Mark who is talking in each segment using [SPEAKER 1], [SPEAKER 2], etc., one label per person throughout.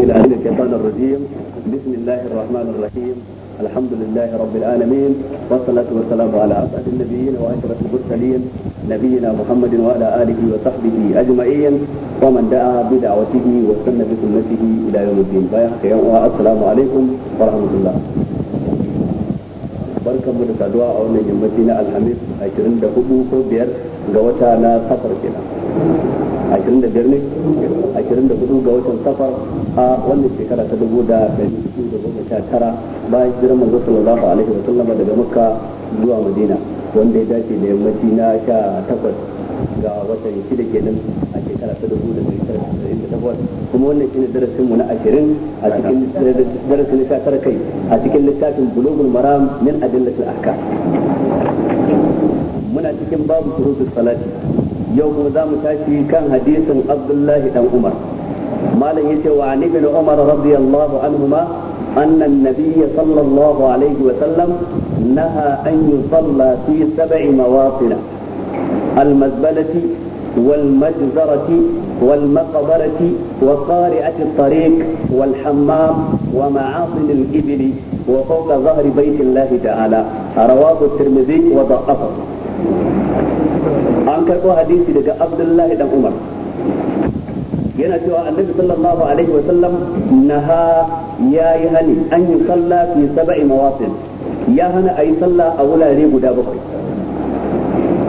[SPEAKER 1] إلى أن الشيطان الرجيم بسم الله الرحمن الرحيم الحمد لله رب العالمين والصلاة والسلام على أسعد النبيين وأشرف المرسلين نبينا محمد وعلى آله وصحبه أجمعين ومن دعا بدعوته واستنى بسنته إلى يوم الدين السلام عليكم ورحمة الله barkan mu da saduwa a wannan yammaci na alhamis 24 ko biyar ga wata na safar kenan ashirin da biyar ne ashirin da hudu ga watan safar a wannan shekara ta dubu da ɗari biyu da goma sha tara bayan jiran manzo sallallahu alaihi wa sallama daga makka zuwa madina wanda ya dace da yammaci na sha takwas ga watan shida kenan a shekara ta dubu da ɗari tara da takwas kuma wannan shine darasinmu na ashirin a cikin darasin sha tara kai a cikin littafin bulugul maram min adillatul ahkam muna cikin babu shurutus salati yau kuma za mu tashi kan hadisin abdullahi dan umar malam yace wa an ibn umar radiyallahu anhuma anna an-nabiy sallallahu alaihi wa sallam naha an yusalla fi sab'i mawatin al-mazbalati والمجزرة والمقبرة وقارعة الطريق والحمام ومعاصم الإبل وفوق ظهر بيت الله تعالى رواه الترمذي وضعفه karɓo hadisi daga abdullahi dan umar yana cewa annabi sallallahu alaihi wa sallam naha yi hani an yi sallah fi sab'i mawasil ya hana a yi sallah a wurare guda bakwai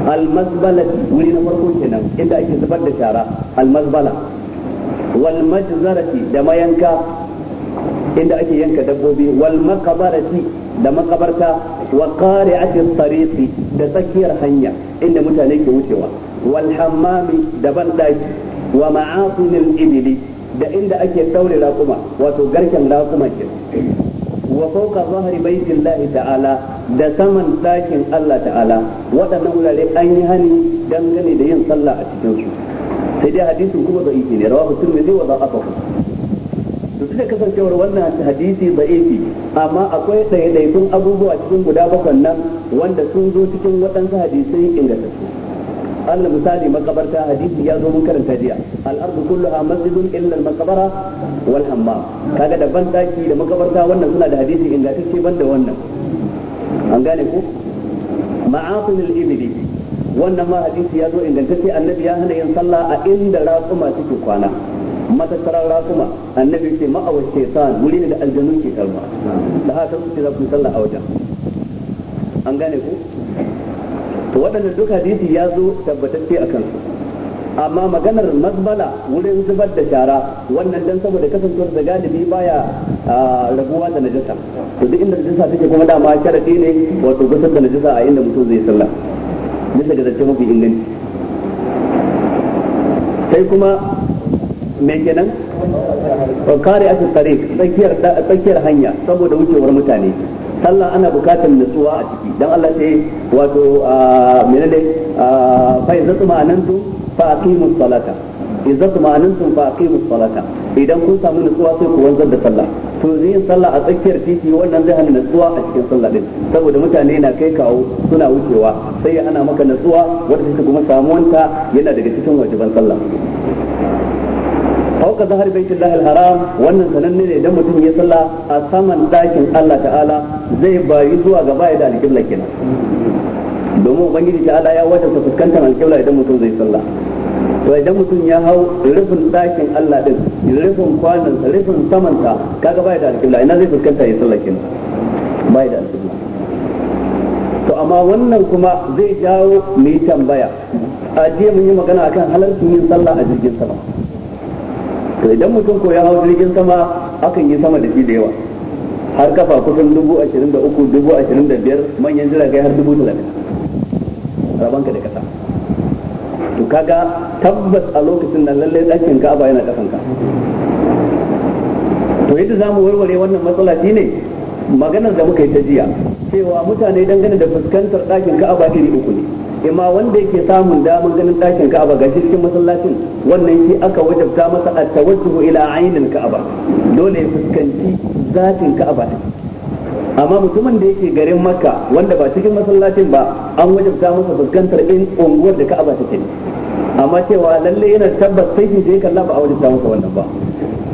[SPEAKER 1] almazbala wuri na farko kenan inda ake zubar da shara almazbala wal majzarati da mayanka inda ake yanka dabbobi wal maqbarati da makabarta wa qari'ati tariqi da tsakiyar hanya inda mutane ke wucewa wal hammami da bandaki wa ma'asinil ibili da inda ake daure raƙuma wato garken raƙuma ke wa fawqa zahri baitillahi ta'ala da saman dakin Allah ta'ala waɗannan wulare an yi hani dangane da yin sallah a cikin su sai dai hadisin kuma da'ifi ne rawahu tirmidhi wa da'afahu duk da kasancewar wannan hadisi da'ifi amma akwai ɗaiɗaikun abubuwa cikin guda bakwai nan wanda sun zo cikin waɗansu hadisai ingantattu alal misali makabarta hadisi ya zo mun karanta jiya al'ardu kulluha masjidun illa al-maqbara wal hammam kaga da ban daki da makabarta wannan suna da hadisi ingantacce banda wannan an gane ku. ma'atul ibli wannan ma hadisi ya zo ingantacce annabi ya hana yin sallah a inda raƙuma suke kwana matattarar rakuma annabi ce ma'awar shaitan wuri ne da aljanu ke karma da haka su ce za ku sallah a wajen an gane ku to waɗannan duk hadisi ya zo tabbatacce a kansu amma maganar mazbala wurin zubar da shara wannan dan saboda kasancewar da galibi baya raguwa da najasa to duk inda najasa take kuma dama sharadi ne wato gusar da najasa a inda mutum zai sallah bisa ga zance mafi inganci sai kuma me kenan kare asu tariq tsakiyar tsakiyar hanya saboda wucewar mutane sallah ana bukatar nutsuwa a ciki dan Allah sai wato menene fa izatu ma'anantum fa aqimus salata izatu ma'anantum fa aqimus salata idan kun samu nutsuwa sai ku wanzar da sallah to yin sallah a tsakiyar titi wannan zai hana nutsuwa a cikin sallah din saboda mutane na kai kawo suna wucewa sai ana maka nutsuwa wanda take kuma samuwanta yana daga cikin wajiban sallah aw ka zahar baitullahi alharam wannan sananne ne idan mutum ya salla a saman dakin Allah ta'ala zai bayi zuwa gaba ya da alƙibla kenan domin ubangiji ta'ala ya ta fuskantar alƙibla idan mutum zai salla to idan mutum ya hau rufin dakin Allah din rufin kwanan rufin saman ta, kaga bai da alƙibla ina zai fuskanta ya salla kenan bai da alƙibla to amma wannan kuma zai jawo mu yi tambaya a jiya mun yi magana akan halarcin yin sallah a jirgin sama to idan mutum ko ya hau jirgin sama akan yi sama da shi da yawa har kafa kusan dubu ashirin da uku dubu ashirin da biyar manyan jiragen har dubu talatin ka da kasa to kaga tabbas a lokacin nan lallai ɗakin ba yana kasanka to yadda za mu warware wannan matsala ne maganar da muka yi ta jiya cewa mutane dangane da fuskantar ɗakin ka'aba iri uku ne imma wanda yake samun damar ganin ɗakin ka'aba ga cikin masallacin wannan shi aka wajabta masa a tawajjuhu ila ainin ka'aba dole ya fuskanci zatin ka'aba ne amma mutumin da yake garin makka wanda ba cikin masallacin ba an wajabta masa fuskantar in unguwar da ka'aba ta ke amma cewa lallai yana tabbas sai shi je kalla ba a wajabta masa wannan ba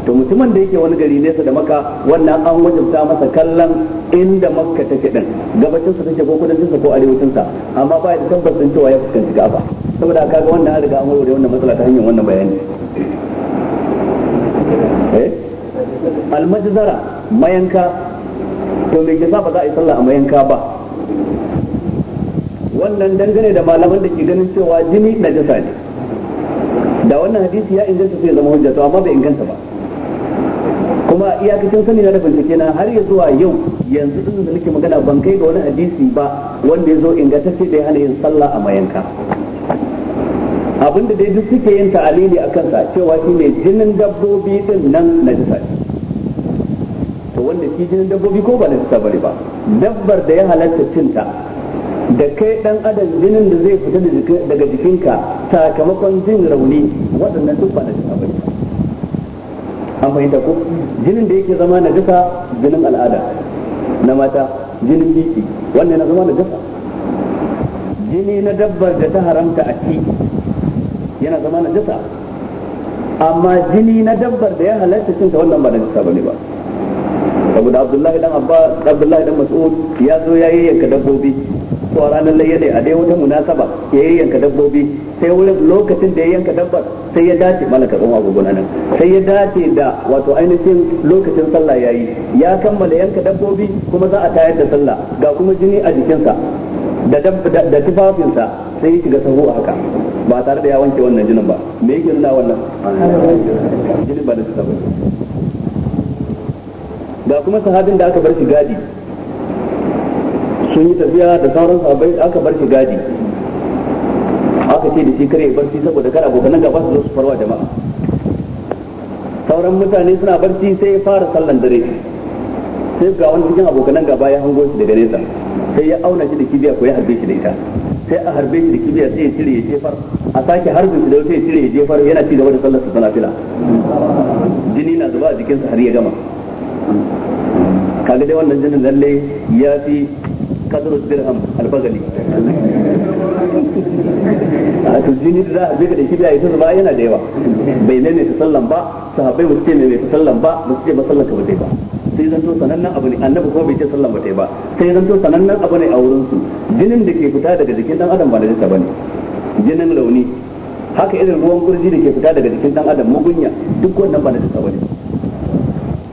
[SPEAKER 1] to mutumin da yake wani gari nesa da maka wannan an wajabta masa kallon inda makka take din gabacin sa take ko kudancin sa ko arewacin sa amma ba ya tabbas din cewa ya fuskanci gaba saboda kaga wannan an riga an warware wannan matsala ta hanyar wannan bayani eh almajzara mayanka to me yasa ba za a yi sallah a mayanka ba wannan dangane da malaman da ke ganin cewa jini na jasa ne da wannan hadisi ya inganta sai zama hujja to amma bai inganta ba kuma iyakacin sani na da bincike na har ya zuwa yau yanzu duk da nake magana ban kai ga wani hadisi ba wanda ya zo ingantacce da ya hana yin sallah a mayanka abinda dai duk suke yin ta'alili a kansa cewa shi ne jinin dabbobi din nan na jisa to wanda shi jinin dabbobi ko ba na jisa bari ba dabbar da ya halatta cinta da kai dan adam jinin da zai fita daga jikinka sakamakon jin rauni waɗannan duk ba na jisa bane an fahimta ko jinin da yake zama na jisa jinin al'ada na mata jinin biki wannan na zama da dabba jini na dabbar da ta haramta a ci yana zama na jasa amma jini na dabbar da ya halatta cinta wannan ba na jasa bane ba saboda abdullahi dan abba abdullahi dan mas'ud ya zo ya yanka dabbobi ko ranar layya ne a dai wata munasaba ya yi yanka dabbobi sai wurin lokacin da ya yanka dabbar sai ya dace mana karɓar agogona nan sai ya dace da wato ainihin lokacin sallah ya yi ya kammala yanka dabbobi kuma za a tayar da sallah ga kuma jini a jikinsa da tufafinsa sai ya shiga sahu haka ba tare da ya wanke wannan jinin ba me yake nuna wannan jinin ba da tufafinsa ga kuma sahabin da aka bar shi gadi sun yi tafiya da sauran sahabbai aka bar shi gadi aka ce da shi kare barci saboda kar abokan gaba su zo su farwa jama'a sauran mutane suna barci sai ya fara sallan dare sai ga wani cikin abokan gaba ya hango shi daga nesa sai ya auna shi da kibiya ko ya harbe shi da ita sai a harbe shi da kibiya sai ya cire ya jefar a sake harbin shi da sai ya cire ya jefar yana ci gaba da sallar sa fila jini na zuba a jikinsa har ya gama kaga dai wannan jinin lalle ya fi kasiru dirham alfazali a to jini da za a bi ka dauki biya ita zuba yana da yawa bai ne ne sallan ba sahabbai ba ke ce ne mai sallan ba ba su ce masallan sallan ka ba ba sai zan to sanannen abu ne annabi ko bai ce sallan ba ba sai zan to sanannen abu ne a wurin su jinin da ke fita daga jikin dan adam ba da ta bane jinin rauni haka irin ruwan kurji da ke fita daga jikin dan adam mugunya duk wannan ba da jinsa bane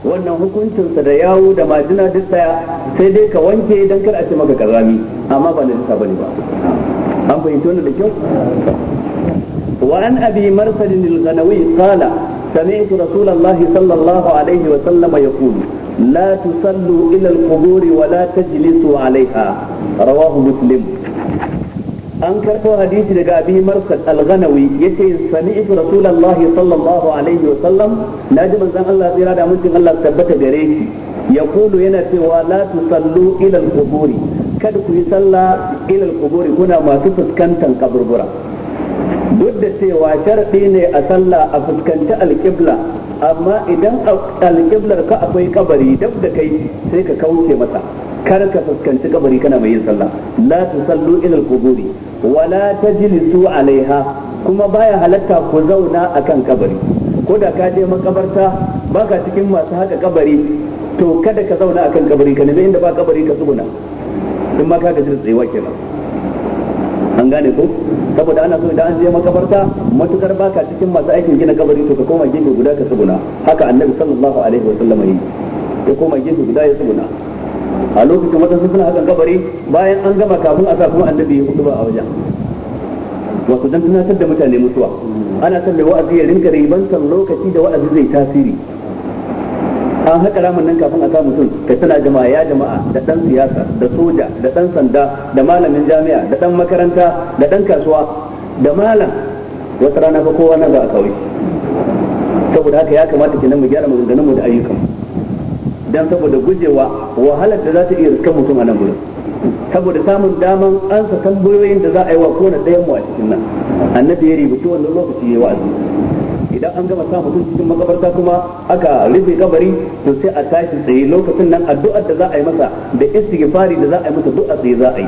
[SPEAKER 1] wannan hukuncinsa da yawo da majina duk daya sai dai ka wanke dan kar a ce maka karami amma ba na lissa bane ba an fahimci wannan da kyau wa an abi marsal al-ghanawi qala sami'tu rasulullahi sallallahu alaihi wa sallam yaqul la tusallu ila al-qubur wa la tajlisu alaiha rawahu muslim an karɓo hadisi daga abi marsal al-ghanawi yace sami'tu rasulullahi sallallahu alaihi wa sallam naji manzon Allah tsira da mutum Allah tabbata gare shi yaqulu yana cewa la tusallu ila al-quburi kada ku yi sallah ila al-quburi kuna masu fuskantar kaburbura duk da cewa sharadi ne a sallah a fuskanci al-qibla amma idan al-qiblar ka akwai kabari dab da kai sai ka kauce masa kar ka fuskanci kabari kana mai yin sallah la tusallu ila al-quburi wa la tajlisu alaiha kuma baya halatta ku zauna akan kabari ko da ka je makabarta baka cikin masu haka kabari to kada ka zauna akan kabari ka nemi inda ba kabari ka tsuguna in ma ka gaji da tsayuwa kenan an gane ko saboda ana so idan an je makabarta matukar baka cikin masu aikin gina kabari to ka koma gefe guda ka tsuguna haka annabi sallallahu alaihi wa sallam yi ya koma gefe guda ya tsuguna a lokacin waɗansu suna hakan kabari bayan an gama kafin a sa kuma annabi ya hudu ba a wajen wato dan tunatar da mutane mutuwa ana san mai wa'azi ya rinka ribantar lokaci da wa'azi zai tasiri an haka ramin nan kafin a sa mutum ka tana jama'a ya jama'a da dan siyasa da soja da dan sanda da malamin jami'a da dan makaranta da dan kasuwa da malam wata rana fa kowa na za a kawai saboda haka ya kamata nan mu gyara maganganunmu mu da ayyukan dan saboda gujewa wahalar da za ta iya riskan mutum a nan gurin saboda samun daman ansa tambayoyin da za a yi wa kowane ɗayan mu a cikin nan annabi ya rubuta wannan lokaci ya wa'azi idan an gama sa mutum cikin makabarta kuma aka rufe kabari to sai a tashi tsaye lokacin nan addu'ar da za a yi masa da istighfari da za a yi masa du'a tsaye za a yi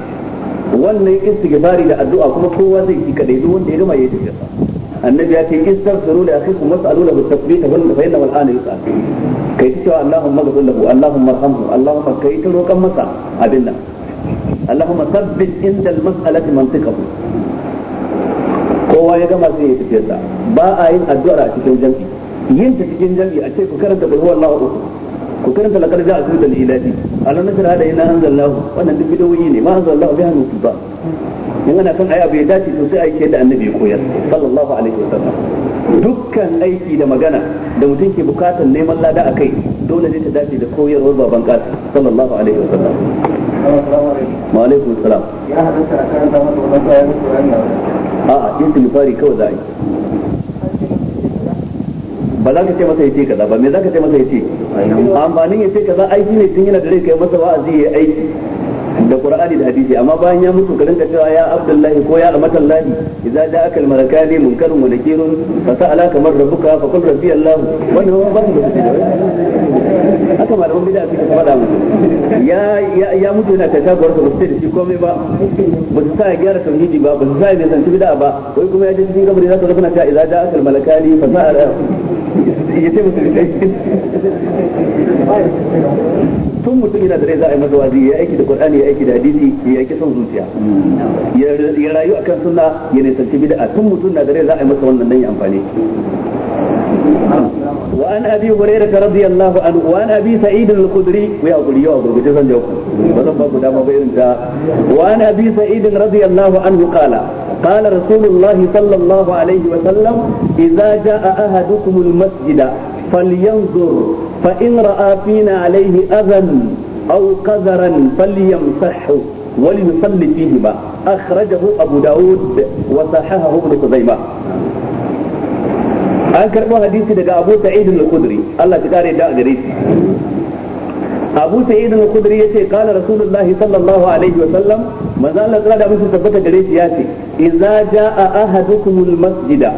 [SPEAKER 1] wannan istighfari da addu'a kuma kowa zai yi kadai duk wanda ya gama ya tafi annabi ya ce istaghfiru li akhikum was'alu lahu da tathbita wal fa inna al-ana yus'al kai ta cewa Allahumma ghfir lahu Allahumma arhamhu Allahumma kai ta roƙan masa abin nan Allahumma sabbit inda al-mas'alati mantiqahu kowa ya gama sai ya tafi sa ba a yin addu'ar a cikin jami'i yin ta cikin jami'i a ce ku karanta qul huwallahu ahad ku karanta laqad ja'a suratul ilahi alam nashrah hada inna anzalallahu wannan duk bidoyi ne ma anzalallahu biha nutuba in ana kan ayi abu ya dace to sai a yi da annabi koyar sallallahu alaihi wasallam dukkan aiki da magana da mutum ke bukatar neman lada a kai dole ne ta dace da koyarwar baban kasa sallallahu alaihi wa sallam wa alaikum salam ya hadasa a karanta masa wannan kayan a'a istighfari kawai za a yi ba za ka ce masa ya yace kaza ba me za ka ce masa ya yace amfanin yace kaza aiki ne tun yana da rai kai masa wa'azi ya yi aiki da qur'ani da hadisi amma bayan ya mutu ka rinka cewa ya abdullahi ko ya amatallahi idza ja'aka al-malakani munkarun wa nakirun fa sa'ala kamar rabbuka fa qul rabbi allah wannan ba mu da haka malaman bid'a suka faɗa mu ya ya mutu yana tashabuwar sa ba su da shi komai ba ba su sa ya gyara tauhidi ba ba su sa ya nisanci bid'a ba wai kuma ya ji cikin kabari za ka zo kana cewa idza ja'aka al-malakani fa sa'ala ya ce tun mutum yana da rai za a yi masa wazi ya aiki da qur'ani ya aiki da hadisi ya aiki son zuciya ya rayu akan sunna ya nisanci bid'a tun mutum na da rai za a yi masa wannan nan ya amfani وعن ابي هريره رضي الله عنه وعن ابي سعيد الخدري ويا قولي يا ابو جزان جوكم بدل ما قدام بيرن وعن ابي سعيد رضي الله عنه قال قال رسول الله صلى الله عليه وسلم إذا جاء أحدكم المسجد فلينظر فإن رأى فينا عليه أذى أو قذرا فليمسحه وليصلي فيهما أخرجه أبو داود وصححه ابن خزيمة an karɓo hadisi daga Abu Sa'id al-Khudri Allah ya kare da gare shi Abu Sa'id al-Khudri yace kana Rasulullahi sallallahu alaihi wa sallam manzo Allah ya da musu tabbata gare shi yace idza jaa ahadukumul masjida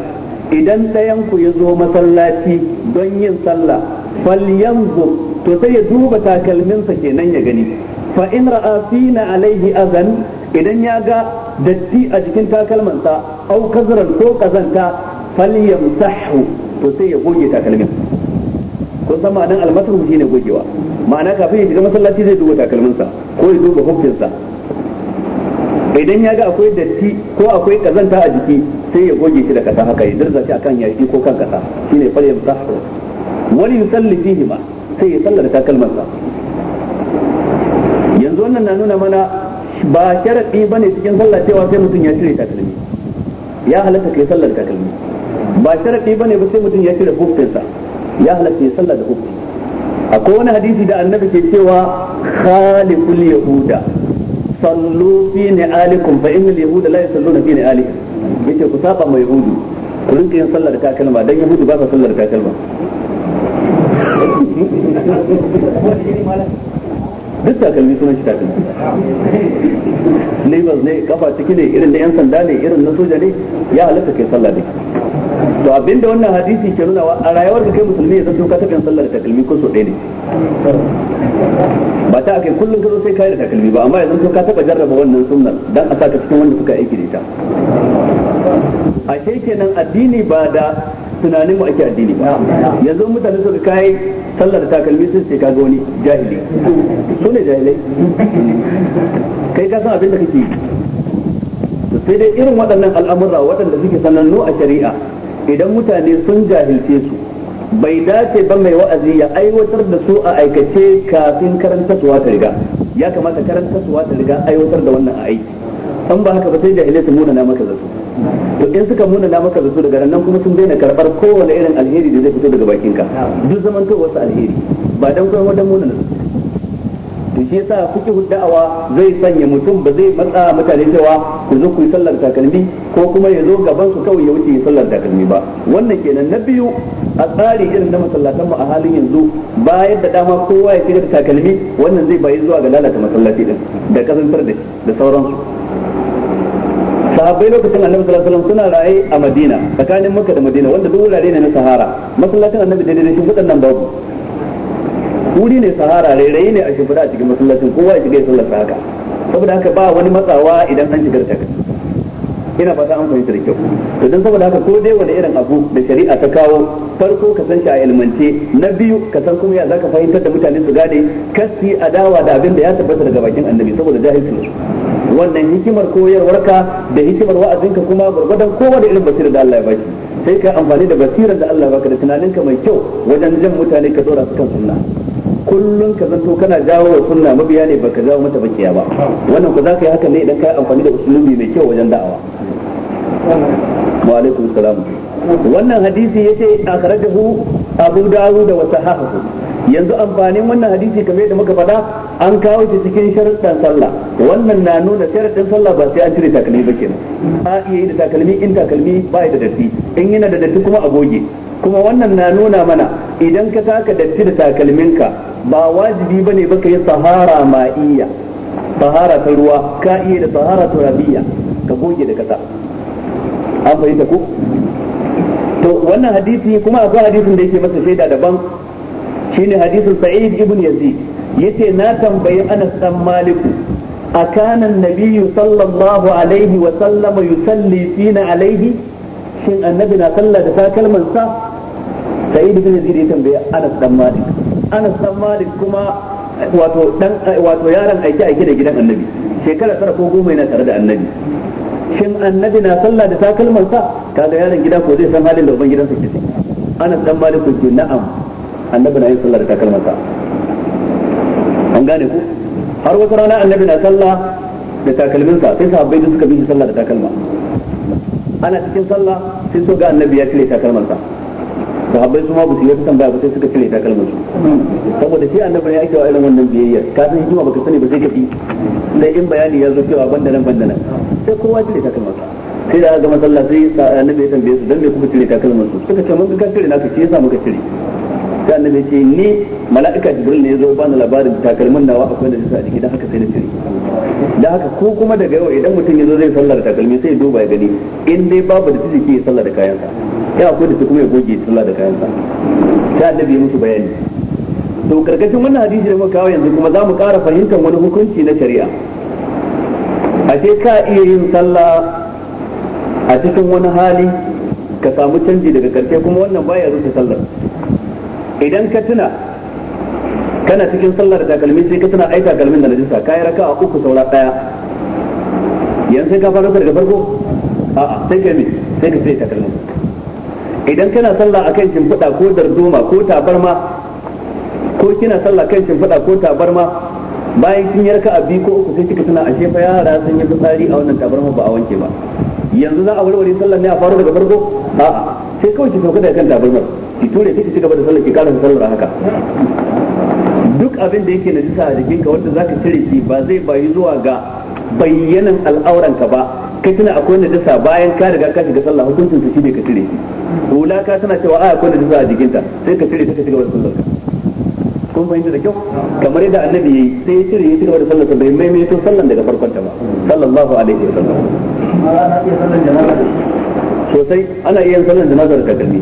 [SPEAKER 1] idan ɗayan ku ya zo masallaci don yin sallah falyanzu to sai ya duba takalminsa kenan ya gani fa in ra'a fina alaihi azan idan ya ga datti a jikin takalmansa au kazran ko kazanta falyamsahu to sai ya goge takalmin ko san ma'anar almasahu shine gogewa ma'ana kafin ya shiga masallaci zai duba takalminsa ko ya duba hukuncinsa ba idan ya ga akwai datti ko akwai kazanta a jiki sai ya goge shi da kasa haka ya dirza shi akan yashi ko kan kasa shine fal yamsahu wani yusalli fihi ma sai ya sallar takalman sa yanzu wannan na nuna mana ba sharadi bane cikin sallah cewa sai mutum ya cire takalmi ya halatta kai sallar takalmi ba sharadi bane ba sai mutum ya cire hukuncinsa ya halatta ya sallar da hukunci akwai wani hadisi da annabi ke cewa khaliful yahuda sallu fi alikum fa innal yahuda la yusalluna fi alikum yace ku saba mai yahudu ku rinka yin sallar takalma dan yahudu ba sa sallar kakalma duk takalmi suna shi takalmi ne ba ne kafa ciki ne irin da yan sanda ne irin na soja ne ya halatta kai sallah da to abinda wannan hadisi ke nuna a rayuwar ka kai musulmi ya zanto ka tafiyan sallar da takalmi ko so ɗaya ne ba ta kai kullum ka zo sai kai da takalmi ba amma ya zanto ka taba jarraba wannan sunnar dan a saka cikin wanda suka aiki da ita ashe kenan addini ba da tunanin mu ake addini ba yanzu mutane suka kai sallar takalmi sun sai kaga wani jahili su ne jahilai kai ka san abin da kake yi sai dai irin waɗannan al'amura waɗanda suke sanannu a shari'a idan mutane sun jahilce su bai dace ba mai wa'azi ya aiwatar da su a aikace kafin su ta riga ya kamata su ta riga aiwatar da wannan aiki an ba haka ba sai jahilai su muna maka zato to in suka muna na maka zato daga nan kuma sun daina karbar kowane irin alheri da zai fito daga bakinka duk wasu alheri ba dan kuma wadan muna na to shi yasa kuke da'awa zai sanya mutum ba zai matsa mutane cewa ku zo ku yi sallar takalmi ko kuma ya zo gaban su kawai ya wuce yi sallar takalmi ba wannan kenan na biyu a tsari irin na masallatan mu a halin yanzu ba da dama kowa ya shiga takalmi wannan zai bayi zuwa ga lalata masallaci din da kazantar da da sauransu sahabbai lokacin annabi sallallahu alaihi wasallam suna raye a Madina tsakanin Makka da Madina wanda duk wurare ne na Sahara masallacin annabi daidai da shi waɗannan babu wuri ne sahara rairayi ne a shimfiɗa a cikin masallacin kowa ya shiga ya sallar haka saboda haka ba wani matsawa idan an shigar taka ina fata an fahimta da kyau to dan saboda haka ko dai wani irin abu da shari'a ta kawo farko ka san shi a ilmance na biyu ka san kuma ya zaka fahimtar da mutane su gane kasi adawa da abin da ya tabbata daga bakin annabi saboda jahilci wannan hikimar koyarwarka da hikimar wa'azinka kuma gurgurdan kowa da irin basira da Allah ya baki sai ka amfani da basirar da Allah baka da tunaninka mai kyau wajen jan mutane ka dora su kan sunna kullum ka zanto kana jawo wa sunna mabiya ne baka jawo mata bakiya ba wannan ku za ka yi haka ne idan ka yi amfani da usulubi mai kyau wajen da'awa wa alaikum salam wannan hadisi yace akhrajahu abu dawud wa sahahu yanzu amfanin wannan hadisi kamar yadda muka faɗa an kawo shi cikin sharuɗan sallah wannan na nuna sharuɗin sallah ba sai an cire takalmi ba kenan a iya yi da takalmi in takalmi ba da datti in yana da datti kuma a goge kuma wannan na nuna mana idan ka taka datti da takalminka ba wajibi bane ba yi sahara ma'iya, sahara ta ruwa ka iya da sahara turabiyya ka goge da kasa an fahimta ko to wannan hadisi kuma akwai hadisin da yake masa shaida daban shine hadisin sa'id ibn yazid yace na tambayi Anas dan Malik akana nabiyyu sallallahu alaihi wa sallama yusalli fina alaihi shin annabi na sallah da takalman sa sa'id ibn yazid ya tambaye Anas dan Malik Anas dan Malik kuma wato dan wato yaran aike aike da gidan Annabi shekara tara ko goma yana tare da Annabi shin Annabi na sallah da takalman sa kaga yaran gida ko zai san halin da uban gidansa ke ciki Anas dan Malik ke na'am Annabi na yin sallah da takalman sa an gane ku har wata rana Annabi na sallah da takalmin sa sai sahabbai duka suka sallah da takalma ana cikin sallah sai so ga Annabi ya cire takalman sa sahabbai su ma ba su yi wata tambaya ba sai suka cire takalmin su saboda shi annabi ne ake wa irin wannan biyayya ka san hikima baka sani ba sai ka bi dai in bayani ya zo cewa banda nan banda nan sai kowa cire takalmin sa sai da ga masalla sai annabi ya tambaye su dan me kuka cire takalmin su suka ce mun ka cire naka shi yasa muka cire sai annabi ce ni mala'ika jibril ne ya zo bani labarin takalmin nawa akwai da jisa a jiki haka sai na cire da haka ko kuma daga yau idan mutum ya zo zai sallar takalmi sai duba ya gani in dai babu da jiki ya sallar da kayansa yana akwai da su kuma ya goge sallah da kayan sa sai annabi ya musu bayani to karkashin wannan hadisi da muka kawo yanzu kuma za mu ƙara fahimtar wani hukunci na shari'a ce ka iya yin sallah a cikin wani hali ka samu canji daga karshe kuma wannan baya zuwa sallar idan ka tuna kana cikin sallar takalmi sai ka tuna ai takalmin da najisa raka raka'a uku saura daya yanzu sai ka fara daga farko a'a sai ka mi sai ka sai takalmin idan kana sallah akan shimfiɗa ko darduma ko tabarma ko kina sallah kan shimfiɗa ko tabarma bayan kin yarka a biyu ko uku sai kika tana ashe fa yara sun yi fitsari a wannan tabarma ba a wanke ba yanzu za a warware sallah ne a faru daga farko a sai kawai ki sauka daga kan tabarma ki ture ki cigaba da sallah ki karasa sallar haka duk abin da yake najisa a jikinka wanda zaka cire shi ba zai bayi zuwa ga bayyanan al'auranka ba kai tuna akwai dasa bayan ka riga ka shiga sallah hukuncin ta shine ka cire shi hula ka tana cewa a akwai dasa a jikinta sai ka cire ta ka shiga wani sallah kun fahimta da kyau kamar yadda annabi yayi sai ya cire ya shiga da sallar bai to sallan daga farkon ta ba sallallahu alaihi wa sallam sosai ana iya sallan jama'a da takalmi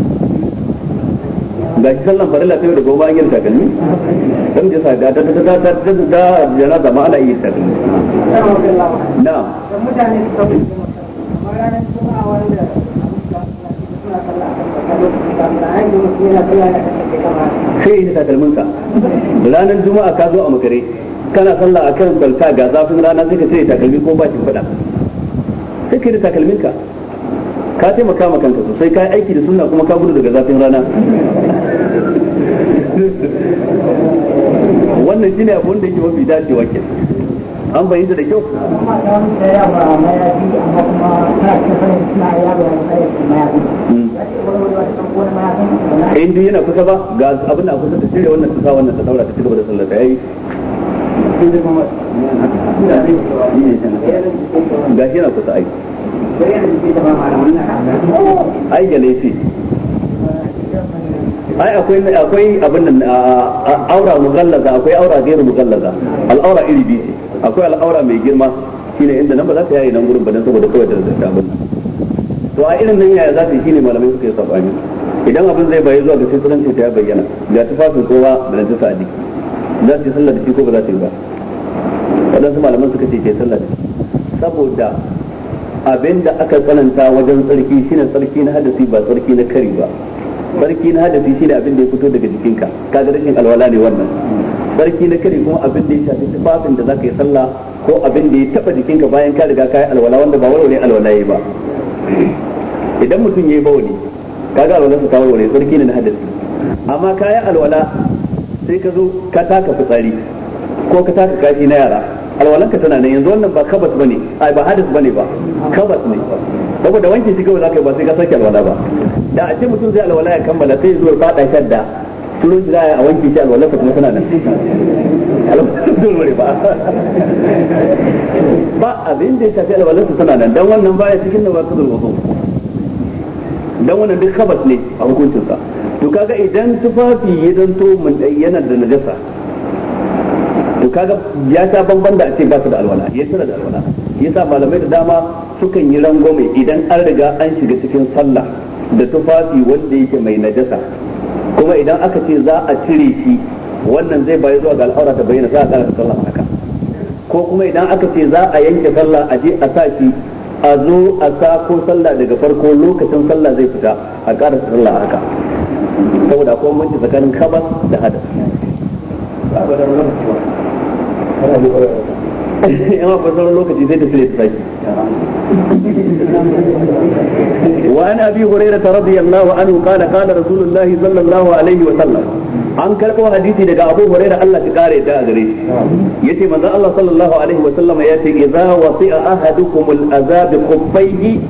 [SPEAKER 1] ga shi sallan farilla ta da goma an yi takalmi dan jasa da da da da da ma ana da da ranar juma'a sai yi takalminka ranar juma'a ka zo a makare kana sallah a kan kwalta ga zafin rana sai ka cire takalmi ko ba shi fada sai ka yi takalminka ka taimaka ma kanka sosai ka yi aiki da sunna kuma ka gudu daga zafin rana wannan shine abin da yake mafi dacewa kenan an bayin da kyau hmm. in duk yana kusa ba ga abin da a kusa ta shirya wannan ta sa wannan ta daura ta ci gaba da sallar da ya yi ga shi yana kusa ai ai ga laifi ai akwai akwai abin nan aura mugallaza akwai aura gairu mugallaza al'aura iri biyu akwai al'aura mai girma shine inda nan ba za ta yayi nan gurin ba dan saboda kawai da ta ba to a irin nan yaya za ta yi shine malamai suka yi sabani idan abin zai bayi zuwa ga sirrin ta ya bayyana ga tafasu kowa da najasa ta adiki za ta yi sallah da shi ko ba za ta yi ba waɗansu malaman suka ce ke sallah da shi saboda abin da aka tsananta wajen tsarki shine tsarki na hadisi ba tsarki na kari ba tsarki na hadasi shine abin da ya fito daga jikinka kaga rashin alwala ne wannan barki na kare kuma abin da ya shafi tufafin da za ka yi sallah ko abin da ya taba jikinka bayan ka riga ka yi alwala wanda ba warware alwala ya ba idan mutum ya yi bawali kaga alwala ta warware sarki ne na hadasi amma ka yi alwala sai ka zo ka taka fitsari ko ka taka kashi na yara alwalanka tana nan yanzu wannan ba kabas bane ai ba hadis bane ba kabas ne saboda wanke shi kawai zaka yi ba sai ka sake alwala ba da a ce mutum zai alwala ya kammala sai zuwa fada shadda turo shi za a wanke shi a zaune kuma suna nan ba abin da ya shafi alwalar su suna nan dan wannan baya cikin na wasu zurwaso dan wannan duk kabas ne a hukuncinsa to kaga idan tufafi ya zanto yana da najasa to kaga ya ta banban da a ce ba su da alwala ya tana da alwala yasa malamai da dama sukan yi rangome idan an riga an shiga cikin sallah da tufafi wanda yake mai najasa kuma idan aka ce za a cire shi wannan zai bayi zuwa ga al'aura ta bayyana za a karanta sallah haka ko kuma idan aka ce za a yanke sallah a je a sa shi a zo a sa ko sallah daga farko lokacin sallah zai fita a ƙara sallah haka saboda mun bambanci tsakanin kabas da hadas yawa ba sauran lokaci zai tafi da saki wa an abi hurairah radiyallahu anhu qala qala rasulullah sallallahu alaihi wa sallam an karɓo hadisi daga abu hurairah Allah ta kare da gare shi yace manzo Allah sallallahu alaihi wa sallam ya ce idza wasi'a ahadukum al-azab khuffayhi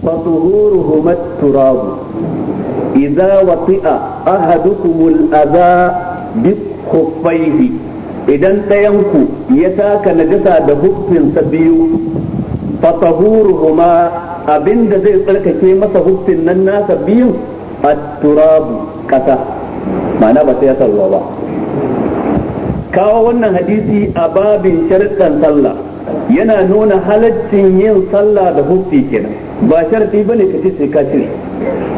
[SPEAKER 1] fa zuhuruhuma at-turab idza wasi'a ahadukum al-azab bi khuffayhi idan ɗayanku ya taka najasa da huffinsa biyu fa tahuruhuma abinda zai tsarkake masa huffin nan nasa biyu at-turabu kasa ma'ana ba sai ya sa ba kawo wannan hadisi a babin sharɗan sallah yana nuna halaccin yin sallah da huffi kenan ba sharti bane ka ce sai ka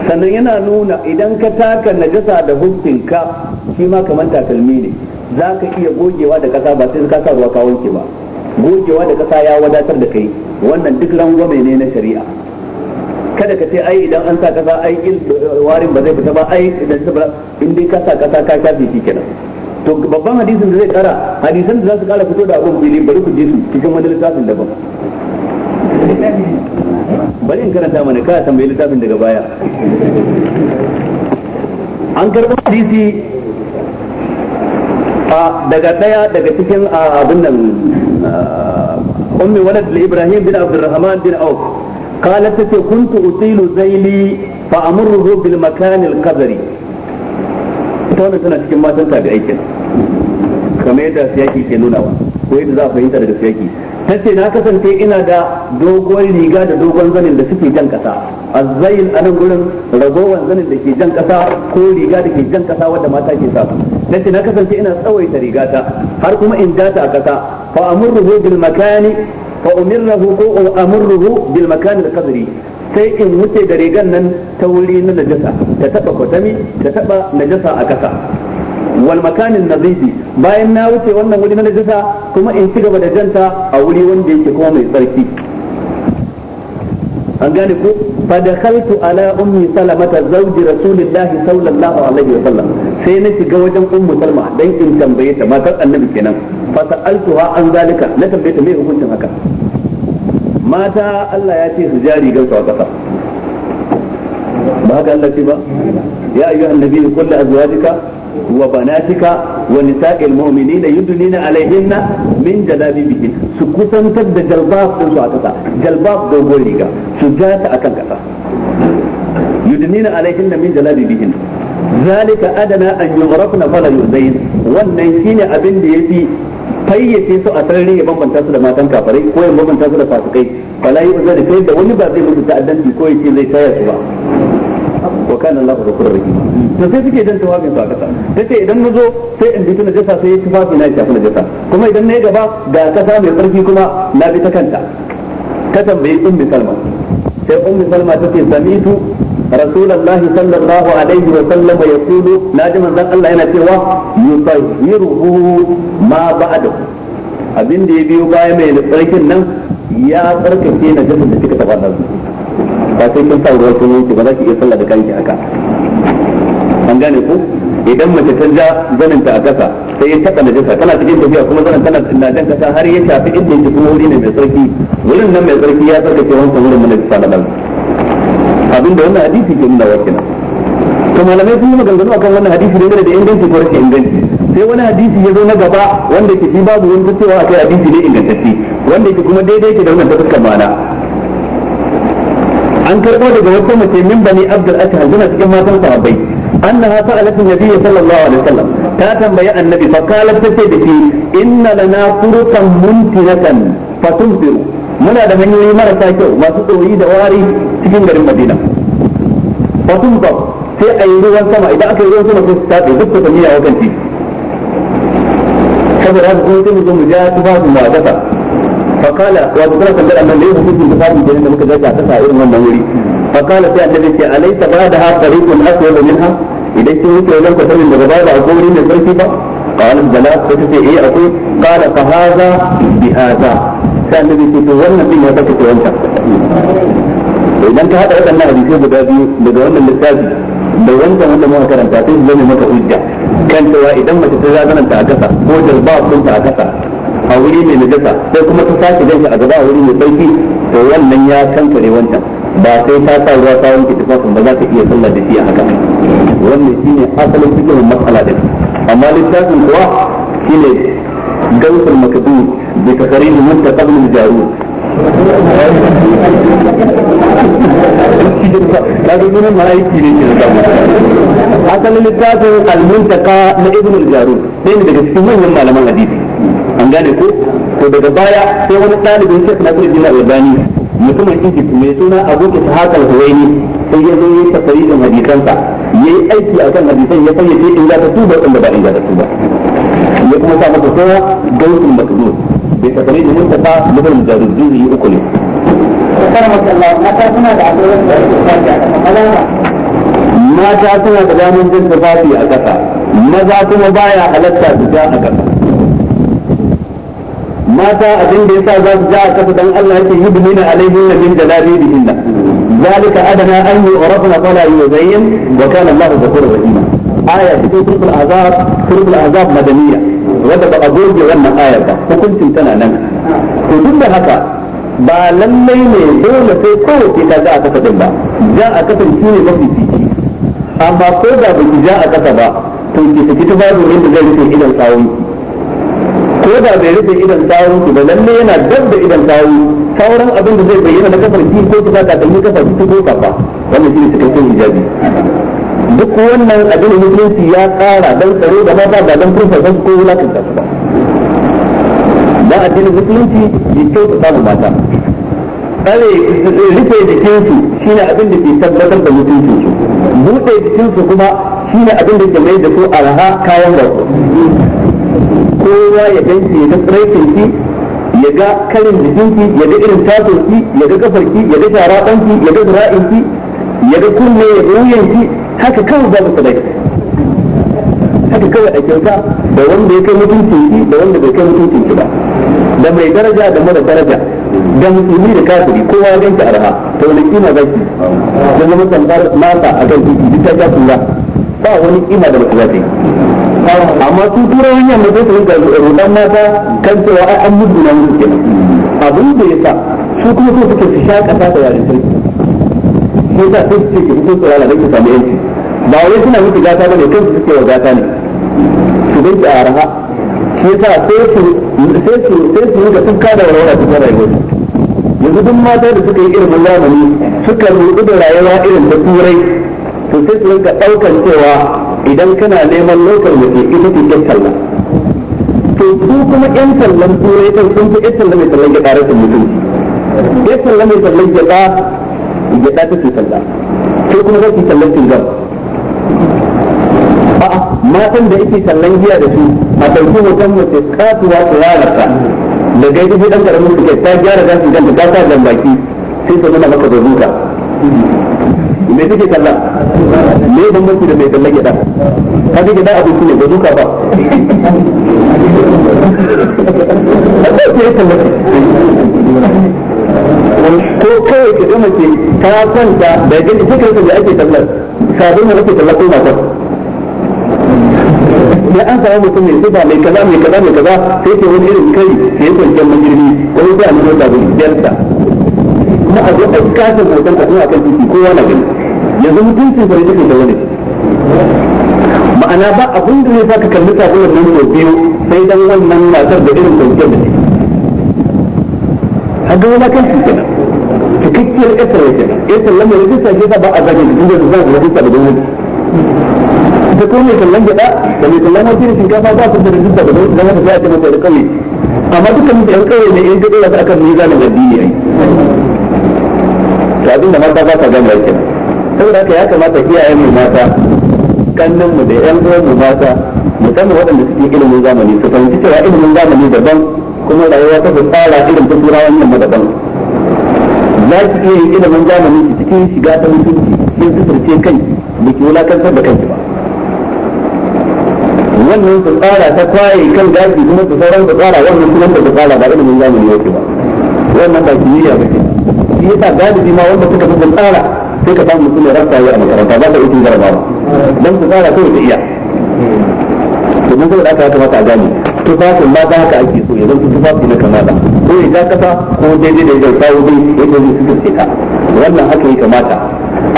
[SPEAKER 1] sannan yana nuna idan ka taka najasa da ka shi ma kamar takalmi ne za ka iya gogewa da kasa ba sai ka sa ruwa ka wanke ba gogewa da kasa ya wadatar da kai wannan duk rangwame ne na shari'a kada ka ce ai idan an sa kasa ai il eh, warin ba zai fita ba ai idan in dai ka sa kasa ka shafe shi kenan to babban hadisin da zai kara hadisan da za su kara fito da abun bili bari ku ji su cikin wani littafin daban bari in karanta mana ka tambayi littafin daga baya an karɓi hadisi daga daya daga cikin ah, abin nan ah, ummi walad ibrahim bin abd alrahman bin auf قالت كنت أطيل bil makan al qadri ita wannan tana cikin matan tabi'ai kenan kamar yadda siyaki ke nuna wa ko yadda za a fahimta daga siyaki tace na kasance ina da dogon riga da dogon zanin da suke jan kasa azzayin a nan gurin ragowar zanin da ke jan kasa ko riga da ke jan kasa wadda mata ke sa na ce na kasance ina tsawaita rigata har kuma in data a kasa fa amurruhu bil makani fa umirruhu ko amurruhu bil makani da kadri sai in wuce da rigan nan ta wuri na najasa ta taba kwatami ta taba najasa a kasa wal makanin nazifi bayan na wuce wannan wuri na najasa kuma in ci gaba da janta a wuri wanda yake kuma mai tsarki an gane ko fa khaltu ala ummi salamata zawji rasulillahi sallallahu alaihi wa sallam sai na shiga wajen ummu salma dan in tambaye ta matar annabi kenan fa sa'altuha an zalika na tambaye ta me hukuncin haka mata Allah ya ce su jari gan a kasa ba ga Allah ce ba ya ayu annabi kullu azwajika wa banatika ونساء المؤمنين يدنين عليهن min jalabibihin su kusantar da jalbab din su a kasa jalbab dogon riga su ja ta akan kasa yudnina alaihin min jalabi bihin zalika adana an yughrafna fala yuzayn wannan shine abin da yafi fayyace su a sarari ya bambanta su da matan kafirai ko ya bambanta su da fasikai fala yi da kai da wani ba zai mutu addanci ko ce zai tsaya su ba wa kana Allahu ghafurur rahim to sai suke dan tawabin su a kasa sai idan mu zo sai in bitu jasa sai yace fasu na na jasa. kuma idan yi gaba ga kasa mai tsarki kuma na bi ta kanta ka tambayi ummi salma sai ummu salma ta take samitu rasulullahi sallallahu alaihi wa sallam yaqulu naji manzon Allah yana cewa yutahhiruhu ma ba'da abin da ya biyo baya mai tsarkin nan
[SPEAKER 2] ya tsarkake na jinin da kika taba da su ba sai kin sa ruwa sun yanke ba za ki iya sallah da kanki haka an gane ku idan mace ta ja zaninta a kasa sai ya taba najasa tana cikin tafiya kuma zanen tana na jan kasa har ya shafi inda yake kuma wuri ne mai tsarki wurin nan mai tsarki ya tsarkake wancan wurin mana kisa abin abinda wannan hadisi ke nuna wakil to malamai sun yi maganganu akan wannan hadisi dangane da inganci ko rashin inganci sai wani hadisi ya zo na gaba wanda ke fi babu wani a kai hadisi ne ingantacce wanda ke kuma daidai ke da wannan tafsirin ma'ana an karɓo daga wata mace min bani abdul ashhal zuna cikin matan sahabbai أنها سألت النبي صلى الله عليه وسلم كاتم بيان النبي فقالت تسيدك إن لنا طرقا ممكنة فتنفر من هذا من يمر سايكو ما تطوي دواري سكين من المدينة فتنفر في أي روان سماء إذا أكل روان سماء في الساعة يدفت تنمية وكنتي حضر هذا قلت لكم جاء تفاهم معجفة فقال وابتنا سنجل أمان ليه حسنت انتفاهم جنين مكذا جاء تفاهم من مغيري فقال في النبي صلى أليس بعدها طريق أسود منها؟ إذا كنت لم تكن من غباب أقولي من غير فيها؟ قال بلى فتت إيه أقول؟ قال فهذا بهذا. كان الذي صلى الله عليه وسلم وأنت. إذا أنت هذا أنا أبي في غبابي بدون المساجد. بدون ما أنت مؤكد أن تعطيه بدون ما تقول كان سواء إذا ما تتزاد أنت أكثر. هو جلباء كنت أكثر. أقولي من نجسة. كما تفاجئ أنت أجباء أقولي من غير فيه. يا كان في وأنت. ba sai ta sa ruwa ta wanke tufafin ba za ta iya sallah da shi a haka wannan shine asalin cikin matsala din amma littafin kuwa shine gansar makadu bi takarin muntaqal min jarud asalin littafin al na ibn ɗaya ne daga cikin manyan malaman hadisi an gane ko ko daga baya sai wani ɗalibin shek nasiruddin al-albani mutumin Egypt mai suna Abu ta hakan huwaini sai ya zo ya tafari da hadisansa yi aiki akan hadisan ya fayyace in za ta tuba in ba in za ta tuba ya kuma sa maka kowa gausul makdud bai tafari da Mustafa mutum mujarrad juzi uku ne mata suna da damar jin tufafi a ƙasa maza kuma baya halatta su ja a ƙasa mata abin da yasa za su ja a kasa dan Allah yake yudmina alaihinna min jalabibihinna zalika adana an yi yu'rafna fala yuzayyin wa kana Allahu ghafurur rahim aya cikin suratul azab suratul azab madaniya wanda ba a goge wannan ayar ba hukuncin tana nan to duk da haka ba lallai ne dole sai kowace ta za a kasa din ba ja a kasa shi ne mafi fiki amma ko da ba ki ja a kasa ba to ki saki ta babu yadda zai rufe idan sawunki ko da bai rufe idan tawo ki ba lalle yana dabba idan tawo sauran abin da zai bayyana na kafar ki ko ki saka yi kafar ki ko kafa wannan shi ne cikakken hijabi duk wannan abin musulunci ya kara dan tsaro da mata da dan furfa dan ko wulakin ta ba da addinin musulunci ko kyautata mu mata tsare rufe jikinsu shine abin da ke tabbatar da mutuncinsu buɗe jikinsu kuma shine abin da ke mai da su alha kayan su kowa ya ganki ya ga ki ya ga karin jikinki ya ga irin ki ya ga kafar ki ya ga shara ki ya ga ki ya ga kunne ya ga wuyan ki haka kawai mu sadaki haka kawai a kyauta da wanda ya kai mutuncin ki da wanda bai kai mutuncin ki ba da mai daraja da mara daraja da musulmi da kafiri kowa ya ganki arha to wani kima zaki da zama tambar mata a kan titi duk ta kula ba wani kima da bata zai amma su turawan yamma sai su rinka rudan mata kan cewa ai an mutu na mutu kenan abin da ya sa su kuma so suke su sha kasa da yare sarki sai sa sai su ce ki fito tsirara don ki samu yanci ba wai suna miki gata ba ne kan su suke wa gata ne su ke a raha sai sa sai su sai su sai su rinka tukka da walwala cikin rayuwarsu yanzu duk mata da suka yi irin zamani suka rubu da rayuwa irin da turai to sai su rinka ɗaukar cewa idan kana neman lokar mace ita ce yan talla to su kuma yan tallan turai ita sun fi yan talla mai tallan gyaɗa sun mutum yan talla mai tallan gyaɗa gyaɗa ta ce talla sai kuma za su yi tallan tungar a'a matan da ita tallan giya da su a ɗauki hoton mace katuwa tsirararta da gaida sai ɗan ƙaramin suke ta gyara za su ganta ta sa baki sai su nuna maka da zuka me kake kalla me bambanci da mai kallon gida ka ga gida abinci ne ba duka ba ko kawai ka gama ce kwanta da gani da ake kallar sabon da ake ko ba ta an samu mutum mai zuba mai kaza mai kaza mai kaza sai ke wani irin kai da ya kwanciyar magirbi wani sai a nuna da biyarsa kuma a zo a hoton a zuwa kan titi kowa na gani yanzu mutuncin sai take da wani ma'ana ba abin da za ka kalli sabon nan ko biyu sai dan wannan matar da irin kwanke da ne haka wala kan shi kenan cikakkiyar ƙasar ya kenan ƙasar lamar rajista ke ba a zagin da a zai rajista da wani da ko mai kallon da mai kallon wani irin shinkafa ba su da da ta a ce masa da ƙauye amma mutu ƴan ƙauye ne in to abin da mata ba ta ya kenan saboda haka ya kamata iyaye mu mata kannin mu da yan uwan mu mata musamman waɗanda suke ilimin zamani su fahimci cewa ilimin zamani daban kuma rayuwa ta tsara irin ta turawan nan daban za ki iya yin ilimin zamani cikin shiga ta mutunci su suturce kai da ke wulakantar da kanki ba wannan su tsara ta kwaye kan gashi kuma su sauran su tsara wannan sunan da su tsara ba ilimin zamani yake ba wannan ba kimiyya ba ce shi yasa galibi ma wanda suka fi tsara sai ka samu mutum ya rasa yi a makaranta ba ka ikin jarabawa don su fara kawai ta iya to mun zai da aka gani to ba su ma ba haka ake so ya zan su ba su na kamata ko ya ja kasa ko daidai da ya kawo bai dai yadda zai suka ka wannan haka ya kamata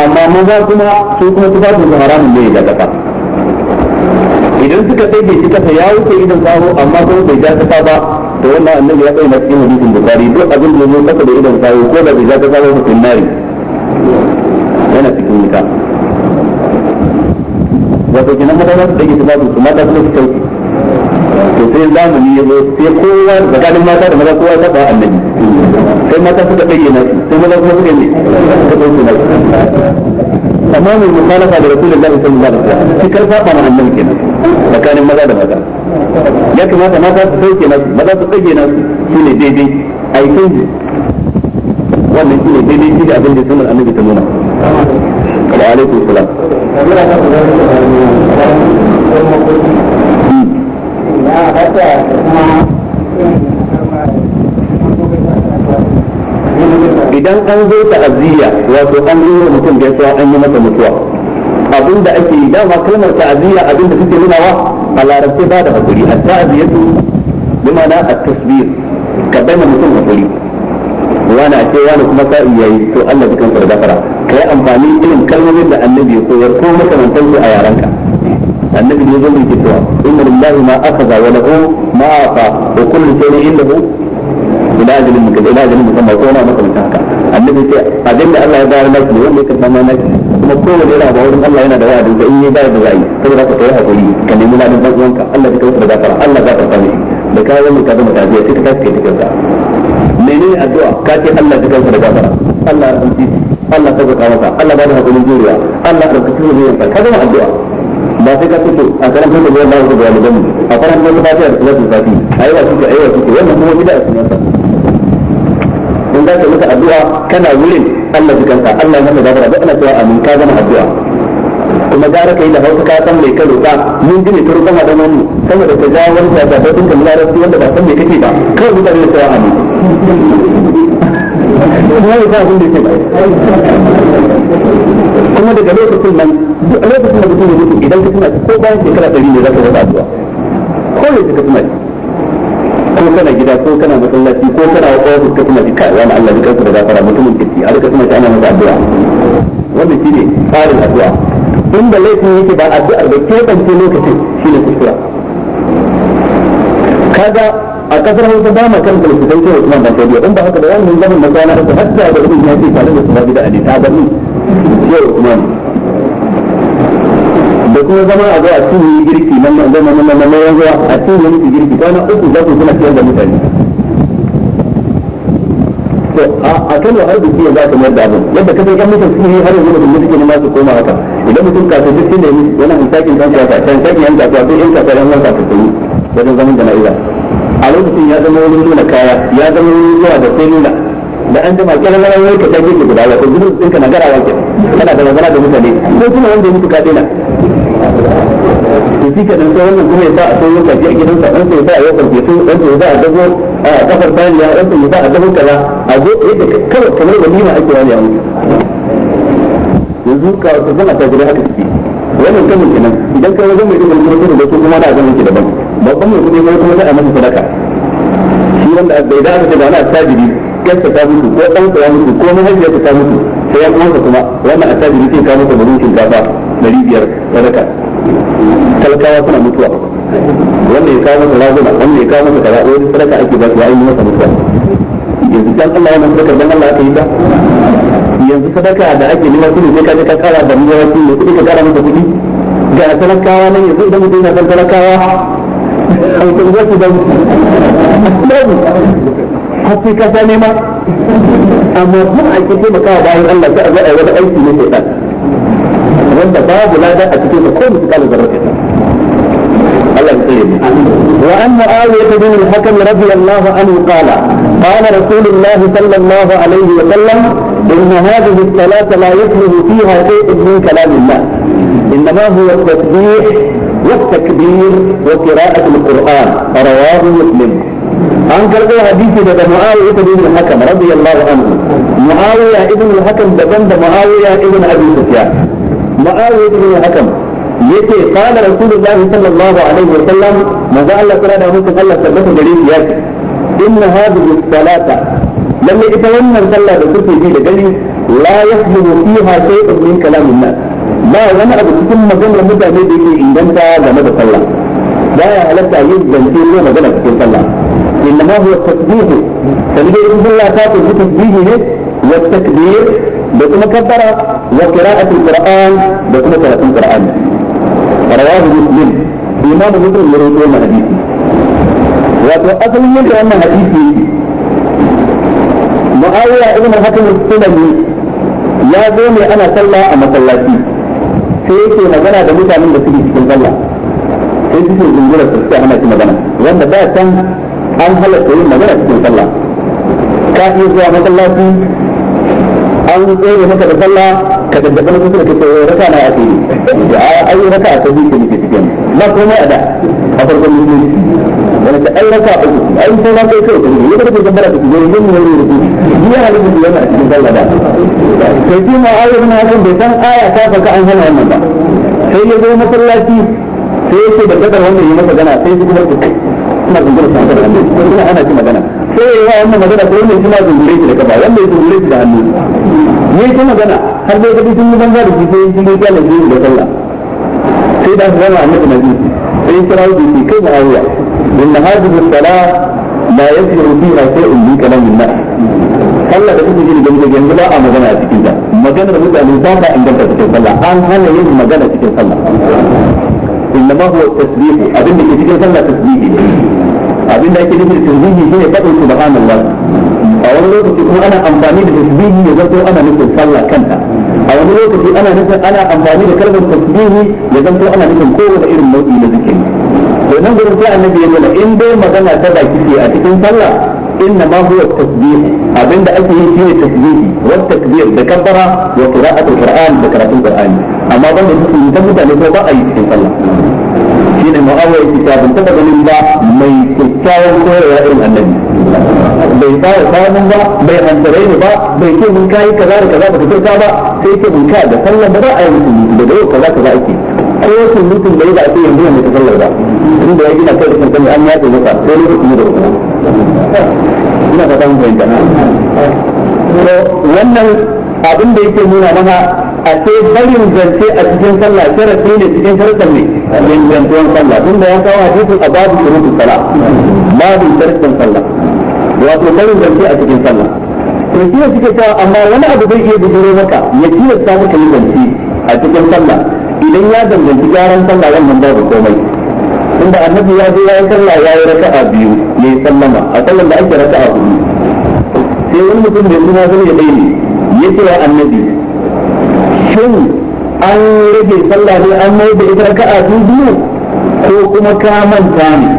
[SPEAKER 2] amma maza kuma su kuma su ba su haramun ne ya ja kasa idan suka sai bai shi kasa ya wuce idan kawo amma kuma bai ja kasa ba to wannan annabi ya kai na cikin hadisin bukari duk abin da ya zo kasa da idan kawo ko da bai ja kasa ba hukumin nari yana cikin wuta wato kenan mutane su dage tufafi su mata su su sauki to sai zamani ya zo sai kowa tsakanin mata da maza kowa ya saba annabi sai mata suka dage na sai maza kuma suka ne suka dauke na amma mai mukhalafa da rasulullahi sallallahu alaihi wasallam shi karfa ba na annabi kenan tsakanin maza da maza ya kamata mata su sauke na maza su dage na su ne daidai a yi wannan shi ne daidai shi da abin da sunan annabi ta nuna wa alaikum salam idan an zo ta'aziyya wato an yi wa mutum yasa an yi masa mutuwa abinda ake yi dama kalmar ta'aziyya abinda suke wa a larabci ba da hakuri a ta'aziyyatu bima na a tasbir ka bayyana mutum hakuri wani a ce wani kuma sa iyayi to Allah ya kansa da gafara kai amfani irin kalmomin da annabi ya koyar ko makamantan su a yaranka annabi ne zai yi cewa inna lillahi ma akhadha wa lahu ma afa wa kullu shay'in indahu ila ajalin mukaddar ila ajalin musamma ko na makamantan haka annabi ce abinda Allah ya bayar maki ne wanda ya karɓa ma maki kuma kowane yana ba wurin Allah yana da wa'adin da in yi ba da zai saboda ka kai hakuri ka nemi ladan dan uwanka Allah ka wuce da gafara Allah ka karfa shi da ka yi ka zama tafiya sai ka tafi kai cikin ne menene addu'a ka ce Allah ka wuce da gafara Allah ya tsanci Allah ka zaka masa Allah ba da juriya Allah ka kauta da juriya ka zama addu'a ba sai ka fito a karan kuma da Allah ka bayar da a karan fito da fatiha da salatu fatiha ayi wa kike ayi wannan kuma bid'a ne sa idan za ka masa addu'a kana wurin Allah ji kanka Allah ya masa gafara duk ana cewa amin ka zama addu'a kuma gara kai da hausa ka san mai ka roƙa mun ji ne ka roƙa ma dan saboda ka wani ta ta tun kan larabci wanda ba san me kake ba kawai mutane da cewa amin kuma ba kuma daga lokacin nan duk lokacin da mutum ya mutu idan ka tuna ko bayan shekara 100 ne za ka wata addu'a ko ne ka ko kana gida ko kana masallaci ko kana ofis ka tuna kai wani Allah ya karka da gafara mutumin kirki har ka tuna ta ana masa addu'a wannan ne tsarin addu'a inda laifin yake ba addu'ar da ke bance lokacin ne kuskura kaga a kasar Hausa ba ma da su sai ce Usman ban sai in ba haka da wani zaman na da su da ibn Yafi tare da su ba da ta ga ni yau ne. da kuma zama a zo a yi girki nan nan zama nan nan nan zuwa a cinye miki girki kwana uku za su suna ciyar da mutane to a kan har harbi kiyo za su mayar da abin yadda ka kan mutum yi har yanzu mutum mutum ne masu koma haka idan mutum ka sai duk yi yana hantakin kan kwasa kan sakin yan kasuwa ko yan kasuwa yan wasa ka yi wajen zaman da na'ira a lokacin ya zama wurin nuna kaya ya zama wurin zuwa da sai nuna da an jima kira lalai ka ta gefe guda wato gudun ɗinka na garawa ke kana da magana da mutane ko kuma wanda ya mutu ka daina shi ke nan sai wannan kuma ya sa a sai lokaci a gidansa dan sai ya sa a yau karfe su dan sai ba a dago a kafar saniya dan sai ya sa a dago kaza a zo yadda kawai kamar walima ake wani a mutu yanzu ka ka zama ta gida haka suke wannan kamun nan idan kai wajen mai dubu ne kuma da kuma da zama ke daban babban mai kudi ne kuma za a masa sadaka shi wanda bai da aka ce da wani attajiri kansa ta mutu ko dan ta mutu ko mahaifiyarsa ta mutu sai ya kuma kuma wannan attajiri sai ka masa bugun shinkafa 500 sadaka talakawa suna mutuwa wanda ya ake ba shi mutuwa yanzu sadaka dan Allah aka yi yanzu sadaka da ake nema su ne ka kara da ne kuɗi ka kara masa kuɗi ga da babu bayan Allah sai a babu lada a cikin ko zarar وعن معاوية بن الحكم رضي الله عنه قال قال رسول الله صلى الله عليه وسلم إن هذه الصلاة لا يخلو فيها شيء من كلام الله إنما هو التسبيح والتكبير وقراءة القرآن رواه مسلم عن karɓo حديث بدأ معاوية بن الحكم رضي الله عنه معاوية بن الحكم بدأ معاوية بن أبي سفيان معاوية بن الحكم yace qala rasulullahi sallallahu alaihi wa sallam maza Allah kira da mutum Allah tabbata gare shi yace inna hadhihi salata lalle ita wannan sallah da kuke bi da gani la yahdiru fiha shay'un min kalamin nas ba wani abu cikin maganar mutane da yake inganta game da sallah ba ya halatta yin zance ko magana cikin sallah إنما هو التسبيح تنبيه إن الله تاتي بتسبيحه والتكبير بكم كبرة وقراءة القرآن بكم قراءة القرآن رواه مسلم إمام مسلم يروي كلام حديثي وفي أصل من كلام حديثي معاوية ابن الحكم السلمي يا زوني أنا صلى أما صلاتي سيكي مجانا دمتا من بسيكي سيكي صلى سيكي سيكي جنجولة سيكي أنا سيكي مجانا وانا باتا أنا هلا سيكي مجانا سيكي صلى كاكي an tsaye maka da sallah ka daddaga mutum da kake raka na ake yi ai raka ta bi ke nake cikin ba komai a da a farkon musulunci wani ta ai raka uku ai sai na kai kai ne da kake gambara kake yi yin wani yau ni ya halin da yana cikin sallah da sai shi ma ayyukan na hakan bai san aya ta faka an hana wannan ba sai ya zo masallaci sai ya ce da kadar wannan yi masa gana sai ya ji kuma ina kuma san da wannan ina ana ci magana sai ya yi wa magana ko mai suna zungure shi da kafa wanda ya zungure shi da hannu ne ta magana har dai kadi sun yi da shi sai sun yi kyalla shi da sallah sai da zama annabi na biyu sai kira da shi kai ma'awiya inna hadhihi as-salah la yajru fiha shay'un bi kalamin nas sallah da kuke gani da yanzu ba a magana a cikin ta maganar mutane ba ta cikin sallah an hana yin magana cikin sallah إنما هو التسبيح أبن في ذكر الله تسبيح abin da ake nufi da tasbihi shine fadin subhanallah a wani lokaci kuma ana amfani da tasbihi ya zanto ana nufin sallah kanta a wani lokaci ana nufin ana amfani da kalmar tasbihi ya zanto ana nufin kowane irin nau'i na zikiri to nan gurin sai annabi ya ce in dai magana ta baki ce a cikin sallah inna ma huwa abinda ake yi shine tasbihi wa takbir da kabbara wa qira'atul qur'an da karatun qur'ani amma ban da zikiri dan mutane ko ba a yi cikin sallah shine mu'awiyar kita ban taba ganin ba mai kyakkyawan koyarwa irin annabi bai fara mun ba bai hantare ni ba bai ce mun kai kaza da kaza baka kirka ba sai ce mun kai da sallan ba za a yi mutum da yau kaza kaza ake ko wasu mutum da ba a ce yanzu ne sallar ba inda ya gina kai da kan an yace masa sai ne mutum da kuma ina fata mun fahimta wannan abin da yake nuna mana a ce barin zance a cikin sallah sharafi ne cikin sharafin ne min zantuwan sallah tun da ya kawo hadisin a babu shurutun sallah babu sharafin sallah wato barin zance a cikin sallah to shi ne suke cewa amma wani abu zai iya bujiro maka ya tilasta maka yi zance a cikin sallah idan ya danganci gyaran sallah wannan babu komai tunda annabi ya zo ya yi sallah ya yi raka'a biyu ya yi sallama a sallan da ake raka'a hudu sai wani mutum mai suna zai ya daidai ya ce wa annabi shin an rage sallah ne an mai da ita ka'a su biyu ko kuma ka manta ne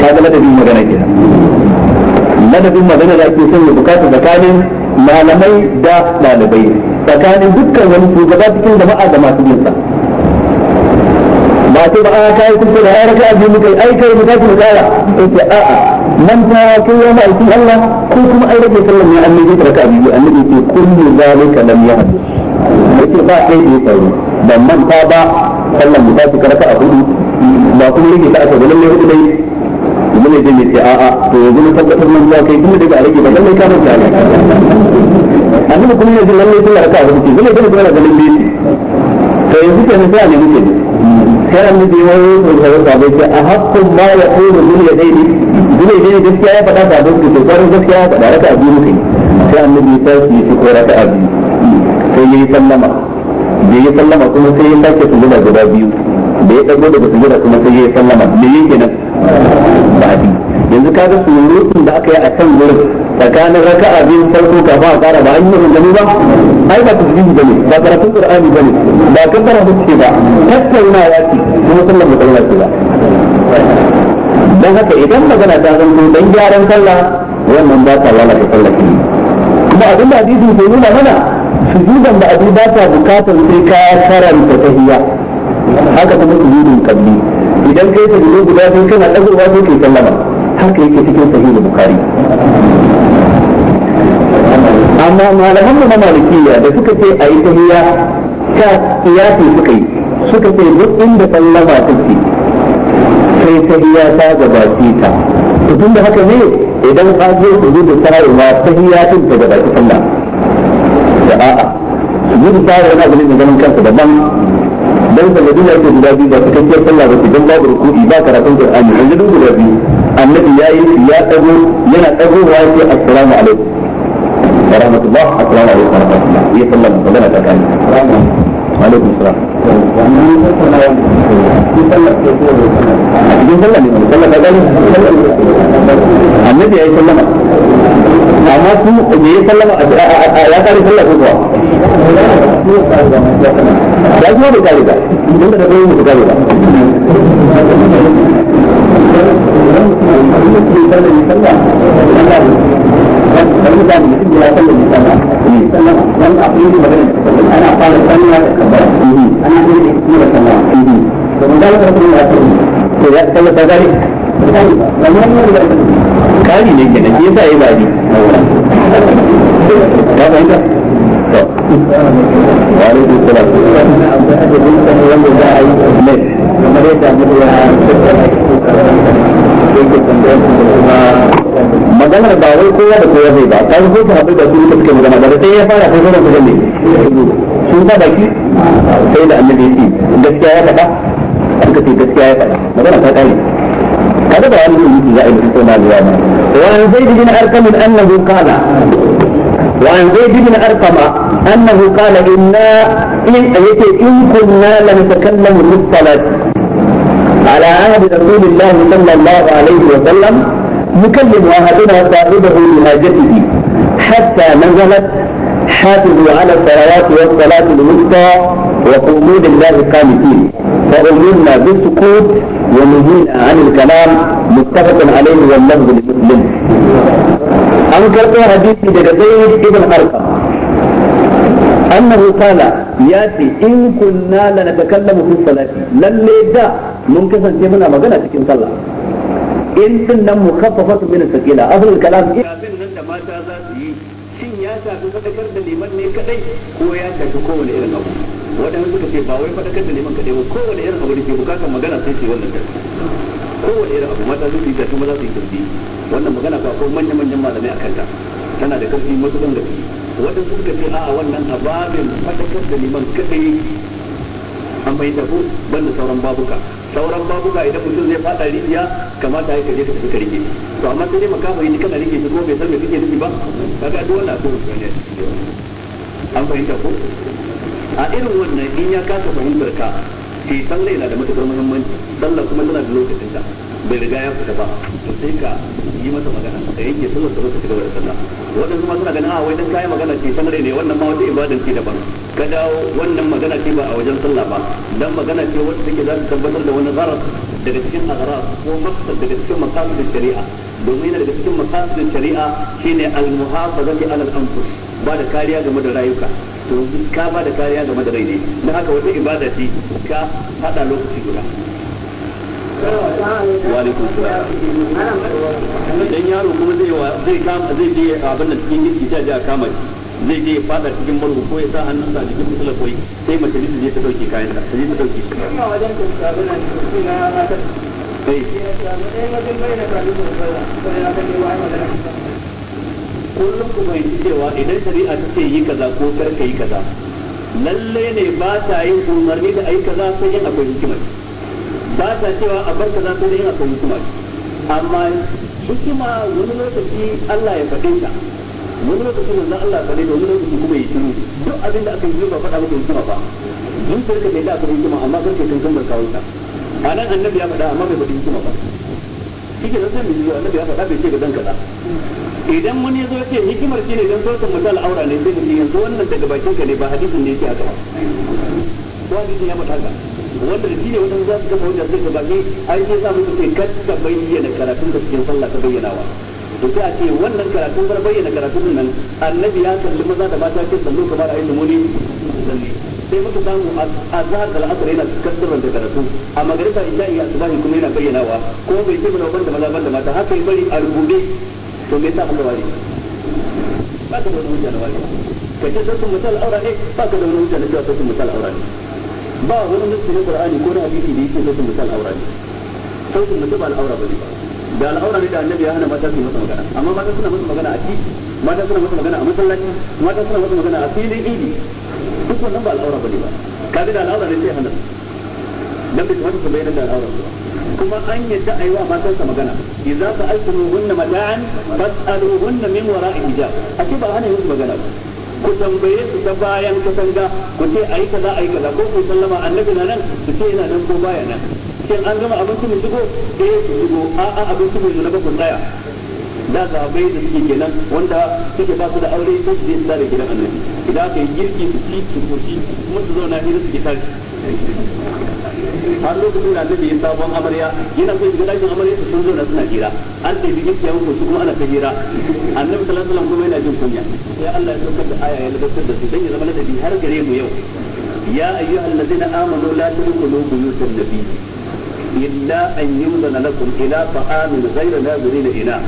[SPEAKER 2] ka ga ladabin magana ke nan ladabin magana da ake son ya bukata tsakanin malamai da ɗalibai tsakanin dukkan wani shugaba cikin jama'a da masu bin sa ba sai ba a kai kusa da ayar kai abin kai ai kai mutaki mu kara yace a a man ta kai ya ma'aikin Allah ko kuma ai rage sallan ne annabi ta raka biyu annabi ce kullu zalika lam yahdith yake ba sai da yake ban manta ba sallan mu tafi karaka a hudu ba kun yake ta aka ganin ne hudu dai mun ne dai ce a'a to yanzu mun tabbatar mun zuwa kai kuma daga a rage ba lallai ka manta ne annabi kuma ne lallai sallar a hudu ce lallai kuma da ganin ne to yanzu kenan sai a nemi ke sai an ya yi ko sai ka bai ce a hakkun ma ya kulu mun ya dai dole dai gaskiya ya faɗa ba don ku to gaskiya ya faɗa raka a biyu kai sai annabi ya tashi ya ci ko raka a biyu ya yi sallama da ya sallama kuma sai ya sake sujada guda biyu da ya ɗago daga sujada kuma sai ya yi sallama me yake nan ba bi yanzu kaga surutun da aka yi a kan wurin tsakanin raka'a biyu farko ka fara fara ba an yi rungumi ba ai ba tasbihi bane ba karatun qur'ani bane ba fara ce ba ya ce kuma sallar mutalla ce ba dan haka idan magana ta zanto dan gyaran sallah wannan ba ta lalata sallah kuma abin da hadisi ke nuna mana sujudan da abu ba ta bukatar sai ka karanta tahiyya haka kuma sujudin kalli. idan kai ta sujudu guda sai kana dagowa sai kai sallama haka yake cikin sahihul bukhari amma malaman mu na malikiya da suka ce ayi tahiyya ka kiyasi suka yi suka ce duk inda sallama take sai tahiyya ta gabace ta tun da haka ne idan ka zo sujudu sa'awa tahiyya ta gabaci sallah gudu tsara yana gani mai ganin kansa daban dan da madina yake guda biyu ba cikakkiyar sallah ba ce dan babu ruku'i ba karatun qur'ani yanzu duk guda biyu annabi yayi ya dago yana dagowa yake assalamu alaikum rahmatullah assalamu alaikum rahmatullah ya sallah magana ta kai alaikum salam a cikin sallah ne sallah ta annabi yayi sallama amma ku da ya sallama a ya kare sallah ko kuwa da kuma kare ba inda da bai da kare ba ana fara sallah da kabbara ana yin da kuma da sallah to mun da kuma ya ce to ya sallama da kari ne kenan shi yasa yayi bani ka fahimta to wa ba salam kamar yadda maganar ba wai kowa da kowa zai ba kan ko haɗu da su suke magana ba sai ya fara sai sauran su ne sun ba baki sai da annabi ya ce gaskiya ya faɗa suka ce gaskiya ya faɗa magana ta ƙare هذا وعن زيد بن ارقم انه قال وعن زيد بن ارقم انه قال انا ان ان كنا لنتكلم بالصلاة على عهد رسول الله صلى الله عليه وسلم نكلم احدنا صاحبه لحاجته حتى نزلت حافظوا على الصلوات والصلاه الوسطى وقلوب الله قانتين فرجلنا بالسكوت ونهينا عن الكلام متفق عليه واللفظ لمسلم أن حديث daga زيد
[SPEAKER 1] ابن أرقم أنه قال ياتي إن كنا لنتكلم في الصلاة للي دا ممكن أن تكون مغنى تكون صلاة إن كنا مخففة من الثقيلة أهل الكلام إيه shin ya shafi sadakar da liman ne kadai ko ya shafi kowane irin abu waɗansu suka ce ba wai faɗakar da neman kaɗai ba kowane irin abu da ke bukatar magana sai ce yi wannan tarbi kowane irin abu mata su yi tafi za su yi tarbi wannan magana ba ko manyan manyan malamai a kanta tana da karfi matuƙan gaske waɗansu suka ce a wannan ababen faɗakar da neman kaɗai an bai tafi ban da sauran babuka sauran babuka idan mutum zai faɗa rijiya kamata ya kaje ka tafi ka rike to amma sai dai makafa yi kana rike shi ko bai san me kake nufi ba kaga duk wannan abu ne an fahimta a irin wannan in ya kasa fahimtar ka ke sallah yana da matukar muhimmanci sallah kuma tana da lokacin ta bai riga ya fita ba to sai ka yi masa magana da yanke sallar ta wata cigaba da sallah waɗansu ma suna ganin a ah, wai dan kai magana ce sallar ne wannan ma wata ibadan ce daban ka dawo wannan magana ce ba a wajen sallah ba dan magana ce wacce take za ta tabbatar da wani zarar daga cikin azara ko maqsad daga cikin maqasid shari'a domin daga cikin maqasid shari'a shine al-muhafazati ala al-anfus ba da kariya game da rayuka to ka ba da kariya game da rai ne don haka wata ibada ce ka hada lokaci guda dan yaro kuma zai zai kama zai je abin da cikin girki ta ja kama zai je fada cikin marhu ko ya sa hannun sa cikin mutsula koi sai mace ta je ta dauke kayan ta je ta dauke shi wajen ta sabu na eh. na ta sai kullum ku fahimci cewa idan shari'a ta ce yi kaza ko kar ka yi kaza lalle ne ba ta yi umarni da ayi kaza sai yin akwai hikima ba ta cewa a bar kaza sai yin akwai hikima amma hikima wani lokaci Allah ya faɗe ta wani lokaci manzo Allah faɗe ta wani lokaci kuma ya shiru duk abin da aka yi ba faɗa maka hikima ba zuciyarka ne da akwai hikima amma kar ka kankan barkawunta a nan annabi ya faɗa amma bai faɗi hikima ba kike da sani zuwa annabi ya faɗa bai ce ga dan kaza idan wani zo ce hikimar shine dan so mu mutal aura ne sai kace yanzu wannan daga bakin ka ne ba hadisin ne yake aka ba ko hadisin ya bata ka wanda da shi ne wannan za su kafa wanda zai ka ai sai sa mu ce kar ka bayyana karatun da cikin sallah ka bayyana wa to sai a ce wannan karatun bar bayyana karatun nan annabi ya kalli maza da mata ce sallu kamar ayyul muni salli sai muka samu a zahar da la'asar yana kasar da karatu a magarisa in sha'i asubahi kuma yana bayyanawa kuma bai ce mana da maza banda mata haka yi bari a rubuce to me sa haka wari ba ka da wani hujja na wari ka ce sassun misal aura ne ba ka da wani hujja na cewa sassun misal aura ne ba wani nasu na qur'ani ko na hadisi da yake sassun misal aura ne sassun misal al'aura ba ne ba da al'aura ne da annabi ya hana mata su masa magana amma mata suna masa magana a titi mata suna masa magana a masallaci mata suna masa magana a filin idi duk wannan ba al'aura bane ba kaga da al'aura ne sai hanan dan bai kamata su bayyana da al'aura ba kuma an yadda a yi wa sa magana idza sa'altumuhunna mata'an fas'aluhunna min wara'i hijab ake ba hana yin magana ku tambaye su ta bayan katanga ku ce ayi kaza ayi kaza ko ku sallama annabi na nan ku ce ina nan ko baya nan shin an gama abinci mun shigo eh ku shigo a a abinci na shigo ba ku tsaya da zabai da suke kenan wanda suke ba su da aure sai su je su tare gidan annabi idan aka yi girki su ci su koshi kuma su zauna hira su ke tare har lokacin da annabi ya sabon amarya yana so shiga dakin amarya su sun zauna suna hira an ce bi girki ko su kuma ana ta hira annabi sallallahu alaihi wasallam kuma yana jin kunya sai Allah ya saukar da aya ya labartar da su dan ya zama ladabi har gare mu yau ya ayyuhal ladina amanu la tadkhulu buyutan nabiy إلا أن يؤذن لكم إلى طعام غير ناظرين إله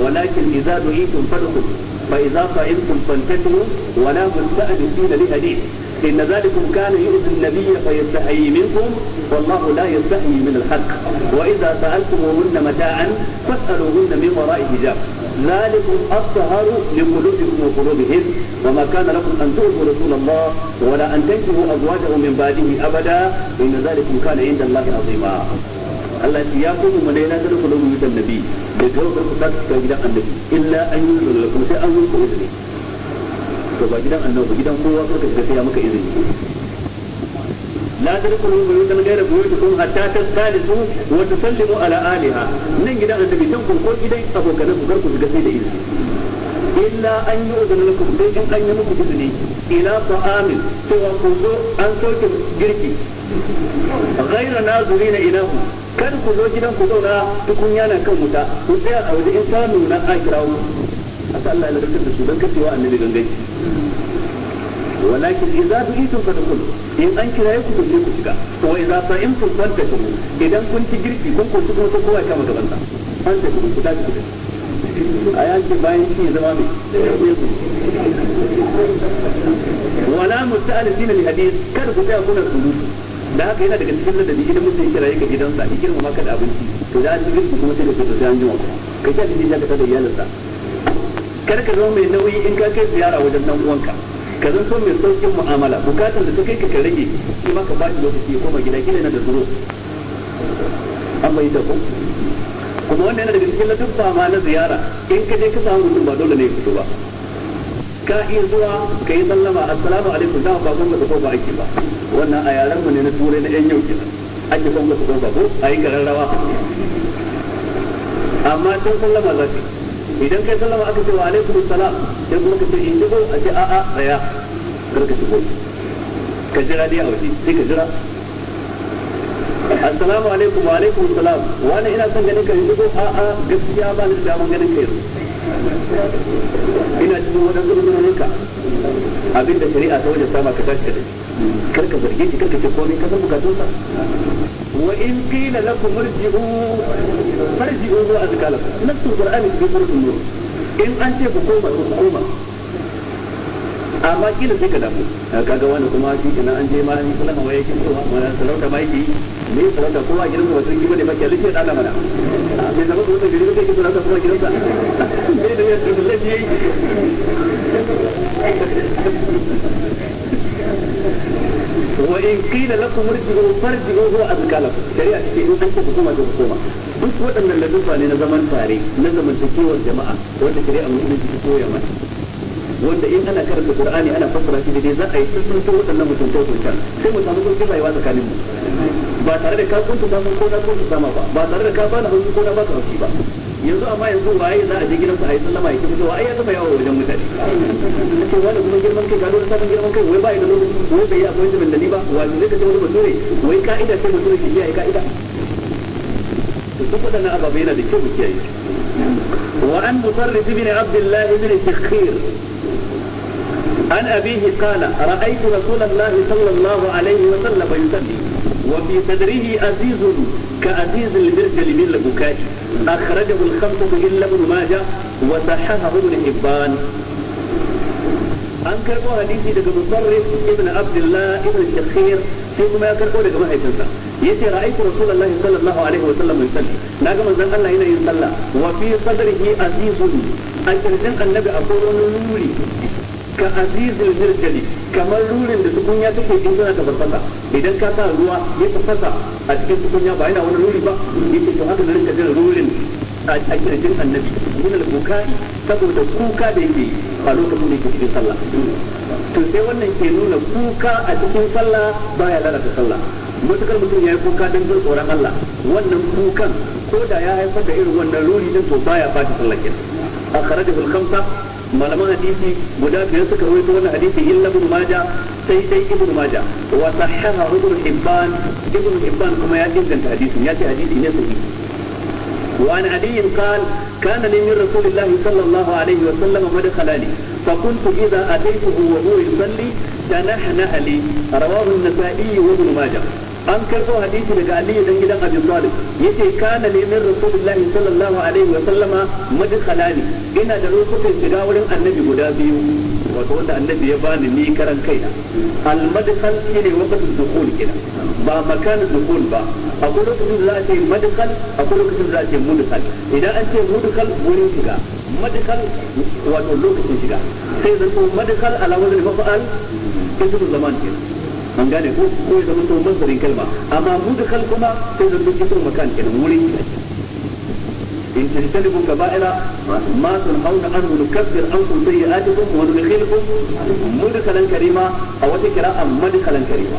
[SPEAKER 1] ولكن إذا دعيتم فادخلوا فإذا قائمتم فانتشروا ولا مستأنسين لحديث إن ذلكم كان يؤذي النبي فيستحيي منكم والله لا يستحيي من الحق وإذا سألتموهن متاعا فاسألوهن من وراء حجاب ذلكم أطهر لقلوبكم وقلوبهن وما كان لكم أن تؤذوا رسول الله ولا أن تنكحوا أزواجه من بعده أبدا إن ذلكم كان عند الله عظيما Allah ya ko mu ne na kada ku lubu yutan nabi da ga ku ku saka cikin gidan annabi illa an yi da kuma sai an yi ku izini to ba gidan annabi gidan kowa ka shiga sai ya maka izini لا تدخلوا بيوتا غير بيوتكم حتى تستانسوا وتسلموا ala اهلها nan gidan annabi dan ko gidan abokan ku garku shiga sai da izini illa an yi udana lakum dai in an yi muku izini ila ta'amin cewa ku zo an soke girki ghayra nazirina ilahu kar ku zo gidan ku zauna tukunya na kan wuta ku tsaya a waje in ta nuna a kira mu a ta Allah ya ladabtar da su don kace wa annabi walakin idza fadkhul in an kira gangan ولكن إذا دعيتم فدخلوا إن أنك لا يكتب لك شكا وإذا صائمتم فانتشروا إذا كنت جرتي كنت تكون تقوى كما تغنى da كتابك a yanki bayan shi zama mai wala musta'alisin li hadith kar ku tsaya kuna surutu da haka yana daga cikin ladabi idan mutum ya rayu ga gidansa ya girma maka da abinci to da an jirgin kuma sai da fito sai an jima ka sha jiki ka tada iyalinsa kar ka zama mai nauyi in ka kai ziyara wajen nan uwanka ka zan so mai saukin mu'amala bukatar da ta kai ka ka rage shi ma ka ba shi lokaci ya koma gida kila na da zuro an bai da ku kuma wannan yana daga cikin ladubba ma na ziyara in ka je ka samu mutum ba dole ne ya fito ba ka iya zuwa ka yi sallama assalamu alaikum da ba gonga ta ba ake ba wannan a yaran mu ne na turai na yan yau kenan ake gonga ta ba ko a yi gararrawa amma tun sallama za ka idan kai sallama aka ce wa alaikum salam sai kuma ka ce in ko a ce a'a tsaya kar ka shigo ka jira dai a waje sai ka jira assalamu alaikum wa alaikum salam wani ina son ganin ka yanzu ko a'a gaskiya ba ni da ganin ka yanzu ina cikin waɗansu uzurorinka abin da shari'a ta wajen sama ka tashi kadai kar ka zarge shi karka ce komai ka san bukatunsa wa in qila lakum irji'u farji'u wa azkalakum nafsul qur'ani fi suratul nur in an ce ku koma ku koma amma kila sai ka damu kaga wani kuma shi kenan an je ma malamin sallama waye kin cewa sarauta ba yake ne sarauta kowa gidan sa wasu kima ne ba kyalin ke dana mana ah, bai zama kuma gari ba ke sarauta kowa gidan ka ne da yadda da lafiya yi وإن قيل لكم ارجعوا فارجعوا هو أزكى ce in في إن أنت حكومة حكومة duk waɗannan ladufa ne na zaman tare na zamantakewar jama'a wanda shari'a musulunci ta koya mana wanda in ana karanta qur'ani ana fassara shi dai za a yi tsuntsunto waɗannan mutunta can sai mu samu sauƙin rayuwa tsakanin mu ba tare da ka kunta samu ko na kunta sama ba ba tare da ka bani haushi ko na baka haushi ba yanzu amma yanzu waye za a je gidan ku a yi sallama ya kifi cewa ai ya taba yawa wajen mutane ce wani kuma girman kai gado da sabon girman kai wai ba da lokaci wai bai yi akwai jimin da ni ba wani zai kace wani bature wai ka'ida sai ce bature ke kiyaye ka'ida to duk waɗannan ababe yana da kyau mu kiyaye wa an musarrif ibn abdullah ibn sikhir عن أبيه قال رأيت رسول الله صلى الله عليه وسلم يصلي وفي صدره أزيز كأزيز المرجل من البكاء أخرجه الخمسة إلا ابن ماجه وصححه ابن حبان an karbo hadisi daga musarrif ibn abdullah ibn shakhir sai kuma ya karbo daga mahaifinsa yace ra'aytu rasulullahi sallallahu alaihi wa sallam yusalli naga manzon Allah yana yin sallah wa fi sadrihi azizun a kirjin annabi akwai wani wuri. ka azizul hirjali kamar rurin da tukunya take in tana ta farfasa idan ka sa ruwa ya tafasa a cikin tukunya ba yana wani ruri ba yake to haka da rinka jin rurin a kirjin annabi mun al-bukai saboda kuka da yake a lokacin da yake cikin sallah to sai wannan ke nuna kuka a cikin sallah baya lalata sallah matukar mutum ya yi kuka don zai tsoron Allah wannan kukan ko da ya haifar da irin wannan ruri din to baya ba ta sallah kenan akhrajahu al-khamsa malaman hadisi guda biyar suka rawaito wannan hadisi illa ibn maja sai dai ibn maja wa sahaha ibn hibban ibn hibban kuma ya inganta hadisin ya ce hadisi ne sahihi wa an ali qal kana li min rasulillah sallallahu alaihi wa sallam madkhalani fa kuntu idha ataytuhu wa huwa yusalli tanahna ali rawahu an-nasa'i wa ibn majah an karɓo hadisi daga Ali dan gidan Abi Talib yace kana li min Rasulullah sallallahu alaihi wa sallama madkhalani ina da lokutan shiga wurin Annabi guda biyu wato wanda Annabi ya bani ni karan kaina al madkhal shine waqtu dukhul kina ba makanin dukhul ba akwai lokacin da za a ce madkhal akwai lokacin da za a ce mudkhal idan an ce mudkhal wurin shiga madkhal wato lokacin shiga sai zan to madkhal ala wazn maf'al ismul zaman kenan an gane ko ko ya zama to masarin kalma amma mu da kal kuma sai zan duk to makan kenan wuri in tajtanibu kaba'ira ma sun hauna an an mu kafir ku sai tunhauna anhu nukaffir ankum sayyi'atikum mu da kalan karima a wata kira'a kalan karima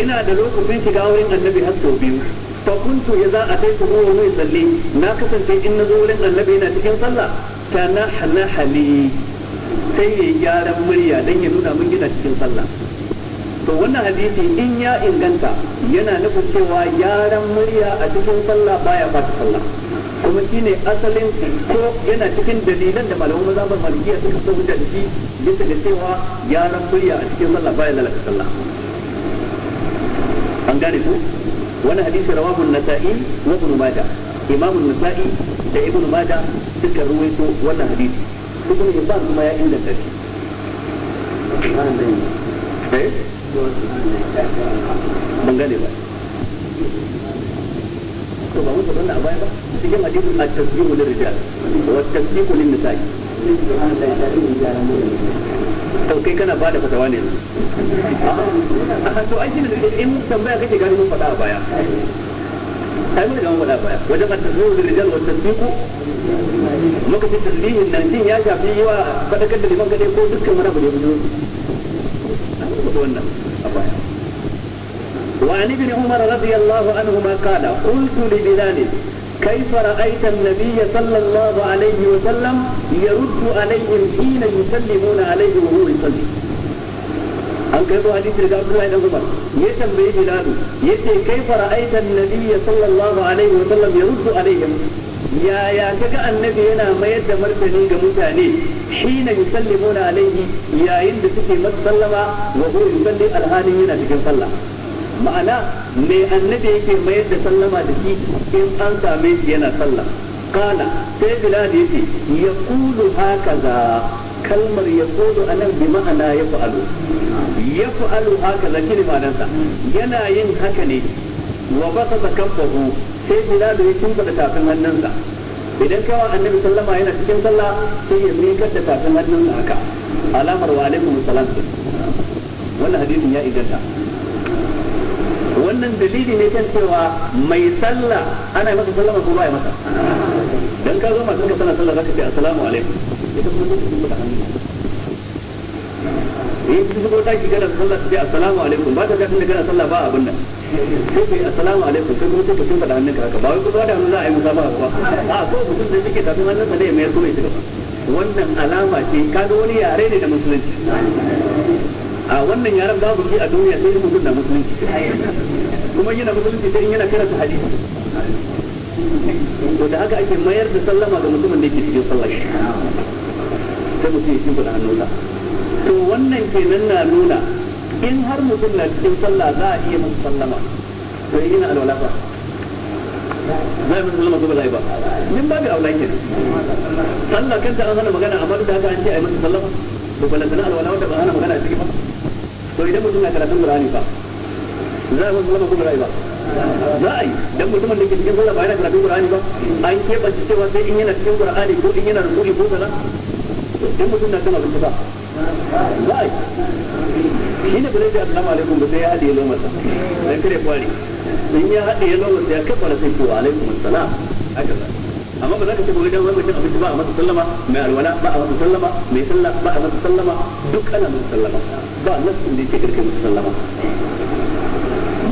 [SPEAKER 1] ina da lokacin shiga wurin annabi har biyu fa kuntu idza ataytuhu wa huwa yusalli na kasance in nazo wurin annabi yana cikin sallah ta tanahna hali sai ya gyaran murya don ya nuna mun gina cikin sallah to wannan hadisi in ya inganta yana nufin cewa yaran murya a cikin sallah baya fata sallah kuma shine asalin ko yana cikin dalilan da maza ba malikiya suka so da shi bisa da cewa yaran murya a cikin sallah baya lalata sallah an gane ku wannan hadisi rawahu an-nasa'i wa ibn majah imam an-nasa'i da ibn majah suka ruwaito wannan hadisi ibn hibban kuma ya inganta shi eh ban gane ba to ba mutu wannan a baya ba cikin hadisin at-tasbihu lirrijal wa tasbihu lin-nisa'i to kai kana ba da fatawa ne to ai shi ne in tambaya kake gani mun faɗa a baya ai mun ga mun faɗa a baya wajen at-tasbihu lirrijal wa tasbihu muka ce tasbihin nan din ya shafi wa fadakar da liman kadai ko dukkan wani abu da ya يقتلونه وعن ابن عمر رضي الله عنهما قال قلت لبلال كيف رأيت النبي صلى الله عليه وسلم يرد عليهم حين يسلمون عليه وهو يصلي أن كيف حديث لك عبد الله عمر يتم به بلال كيف رأيت النبي صلى الله عليه وسلم يرد عليهم yaya kaga annabi yana mayar da martani ga mutane hina yusallimuna alaihi yayin da suke sallama wa huwa yusalli alhalin yana cikin sallah ma'ana me annabi yake mayar da sallama da shi in an same shi yana sallah Qala sai bilal yace yaqulu hakaza kalmar ya kodo a nan bi ma'ana ya fa'alu ya fa'alu haka zaki ma'anarsa yana yin haka ne wa ba ta sai da ya kinka da tafin hannunsa idan kawa annabi sallama yana cikin sallah sai ya mikar da tafin hannunsa haka alamar wa alaikum salam wannan hadisin ya idanta wannan dalili ne kan cewa mai sallah ana masa sallama ko ba ya masa dan ka zo masu ka sallah zaka ce assalamu alaikum ita kuma take da hannu in eh, ki shigo daki kana sallah sai assalamu alaikum ba ta ga tunda kana sallah ba abin nan sai kai assalamu alaikum sai kuma sai ka tunka da hannunka haka ba wai kuma da hannu za a yi musabaha ba a ko mutum da yake tafin hannunsa ne mai so mai ba wannan alama ce kaga wani yare ne da musulunci a wannan yaren babu shi a duniya sai mutum na musulunci kuma yana musulunci sai yana karanta hadisi to da haka ake mayar da sallama ga mutumin da yake cikin sallah sai mutum ya shimfiɗa hannunsa to wannan kenan na nuna in har mutum na cikin sallah za a iya masa sallama to yana alwala fa za a masa sallama ko ba za a yi ba min ba bi aulaki sallah kanta an hana magana amma duk da haka an ce a yi masa sallama to lantana alwala wanda ba hana magana a ciki ba to idan mutum na karatun qur'ani fa za a masa sallama ko ba za a yi ba za a yi dan mutumin da ke cikin sallah ba yana karatun qur'ani ba an keɓance cewa sai in yana cikin qur'ani ko in yana rubuci ko kaza dan mutum na kan abin ba shi ne bude da assalamu alaikum ba sai ya haɗe ya lomasa sai kare kwari in ya haɗe ya lomasa ya kafa sai to alaikum assalam haka amma ba za ka ce ba wajen wani abinci ba a masa sallama mai alwala ba a masa sallama mai sallah ba a masa sallama duk ana masa sallama ba nassin da yake karkai masa sallama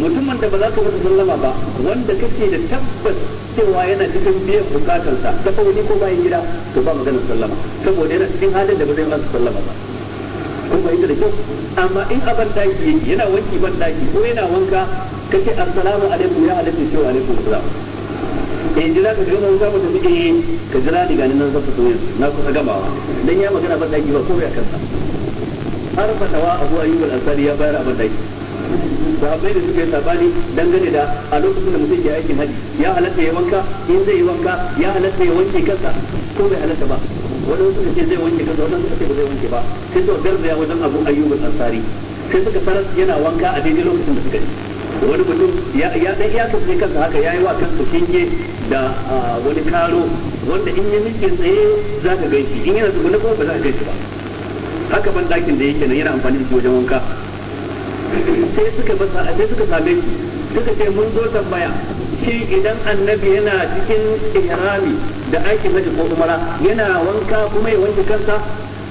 [SPEAKER 1] mutumin da ba za ka masa sallama ba wanda kake da tabbas cewa yana cikin biyan bukatarsa ta fauni ko bayan gida to ba maganar sallama saboda yana cikin halin da ba zai masa sallama ba kun fahimta da kyau amma in aban daki yake yana wanki ban daki ko yana wanka kace assalamu alaikum ya alaikum ce wa alaikum assalam in eh, jira ka gama wuta ba ta fi eh ka jira ni ganin nan zafi soyayya na kusa gamawa dan ya magana ban daki ba ko ya kansa har fatawa Abu Ayyub al-Ansari ya bayar a ban daki sahabbai da suke sabani dangane da a lokacin da mutum ke aikin haji ya halatta ya wanka in zai yi wanka ya halatta ya wanke kansa ko bai halatta ba wani suka ce zai wanke kansa wani suka ce ba zai wanke ba sai suka garzaya wajen abu ayyub al-ansari sai suka tarar yana wanka a daidai lokacin da suka ji wani mutum ya ya dan ya kasance kansa haka yayi wa kansa shinge da wani karo wanda in ya miƙe tsaye za ka ganshi in yana tsugune kuma ba za ka ganshi ba haka ban dakin da yake nan yana amfani da shi wajen wanka sai suka basa sai suka same shi suka ce mun zo tambaya shi idan annabi yana cikin ihrami da aikin haji ko umara yana wanka kuma ya wanke kansa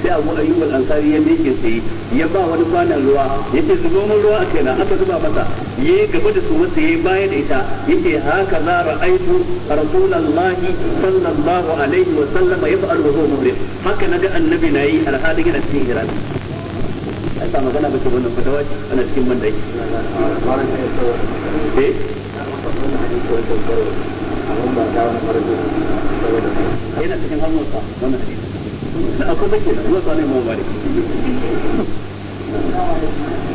[SPEAKER 1] sai abu ayyub al-ansari ya miƙe sai ya ba wani kwanan ruwa yace su mun ruwa a kaina aka zuba masa yayi gaba da su masa yayi baya da ita yace haka za ra'aitu rasulullahi sallallahu alaihi wa sallam yaf'al wa huwa muhrim haka naga annabi nayi alhalin yana cikin hira ai ba magana ba ce wannan fatawa ana cikin mandai eh yana cikin hannunsa wannan hadisi akwai bake da zuwa sanin mu malik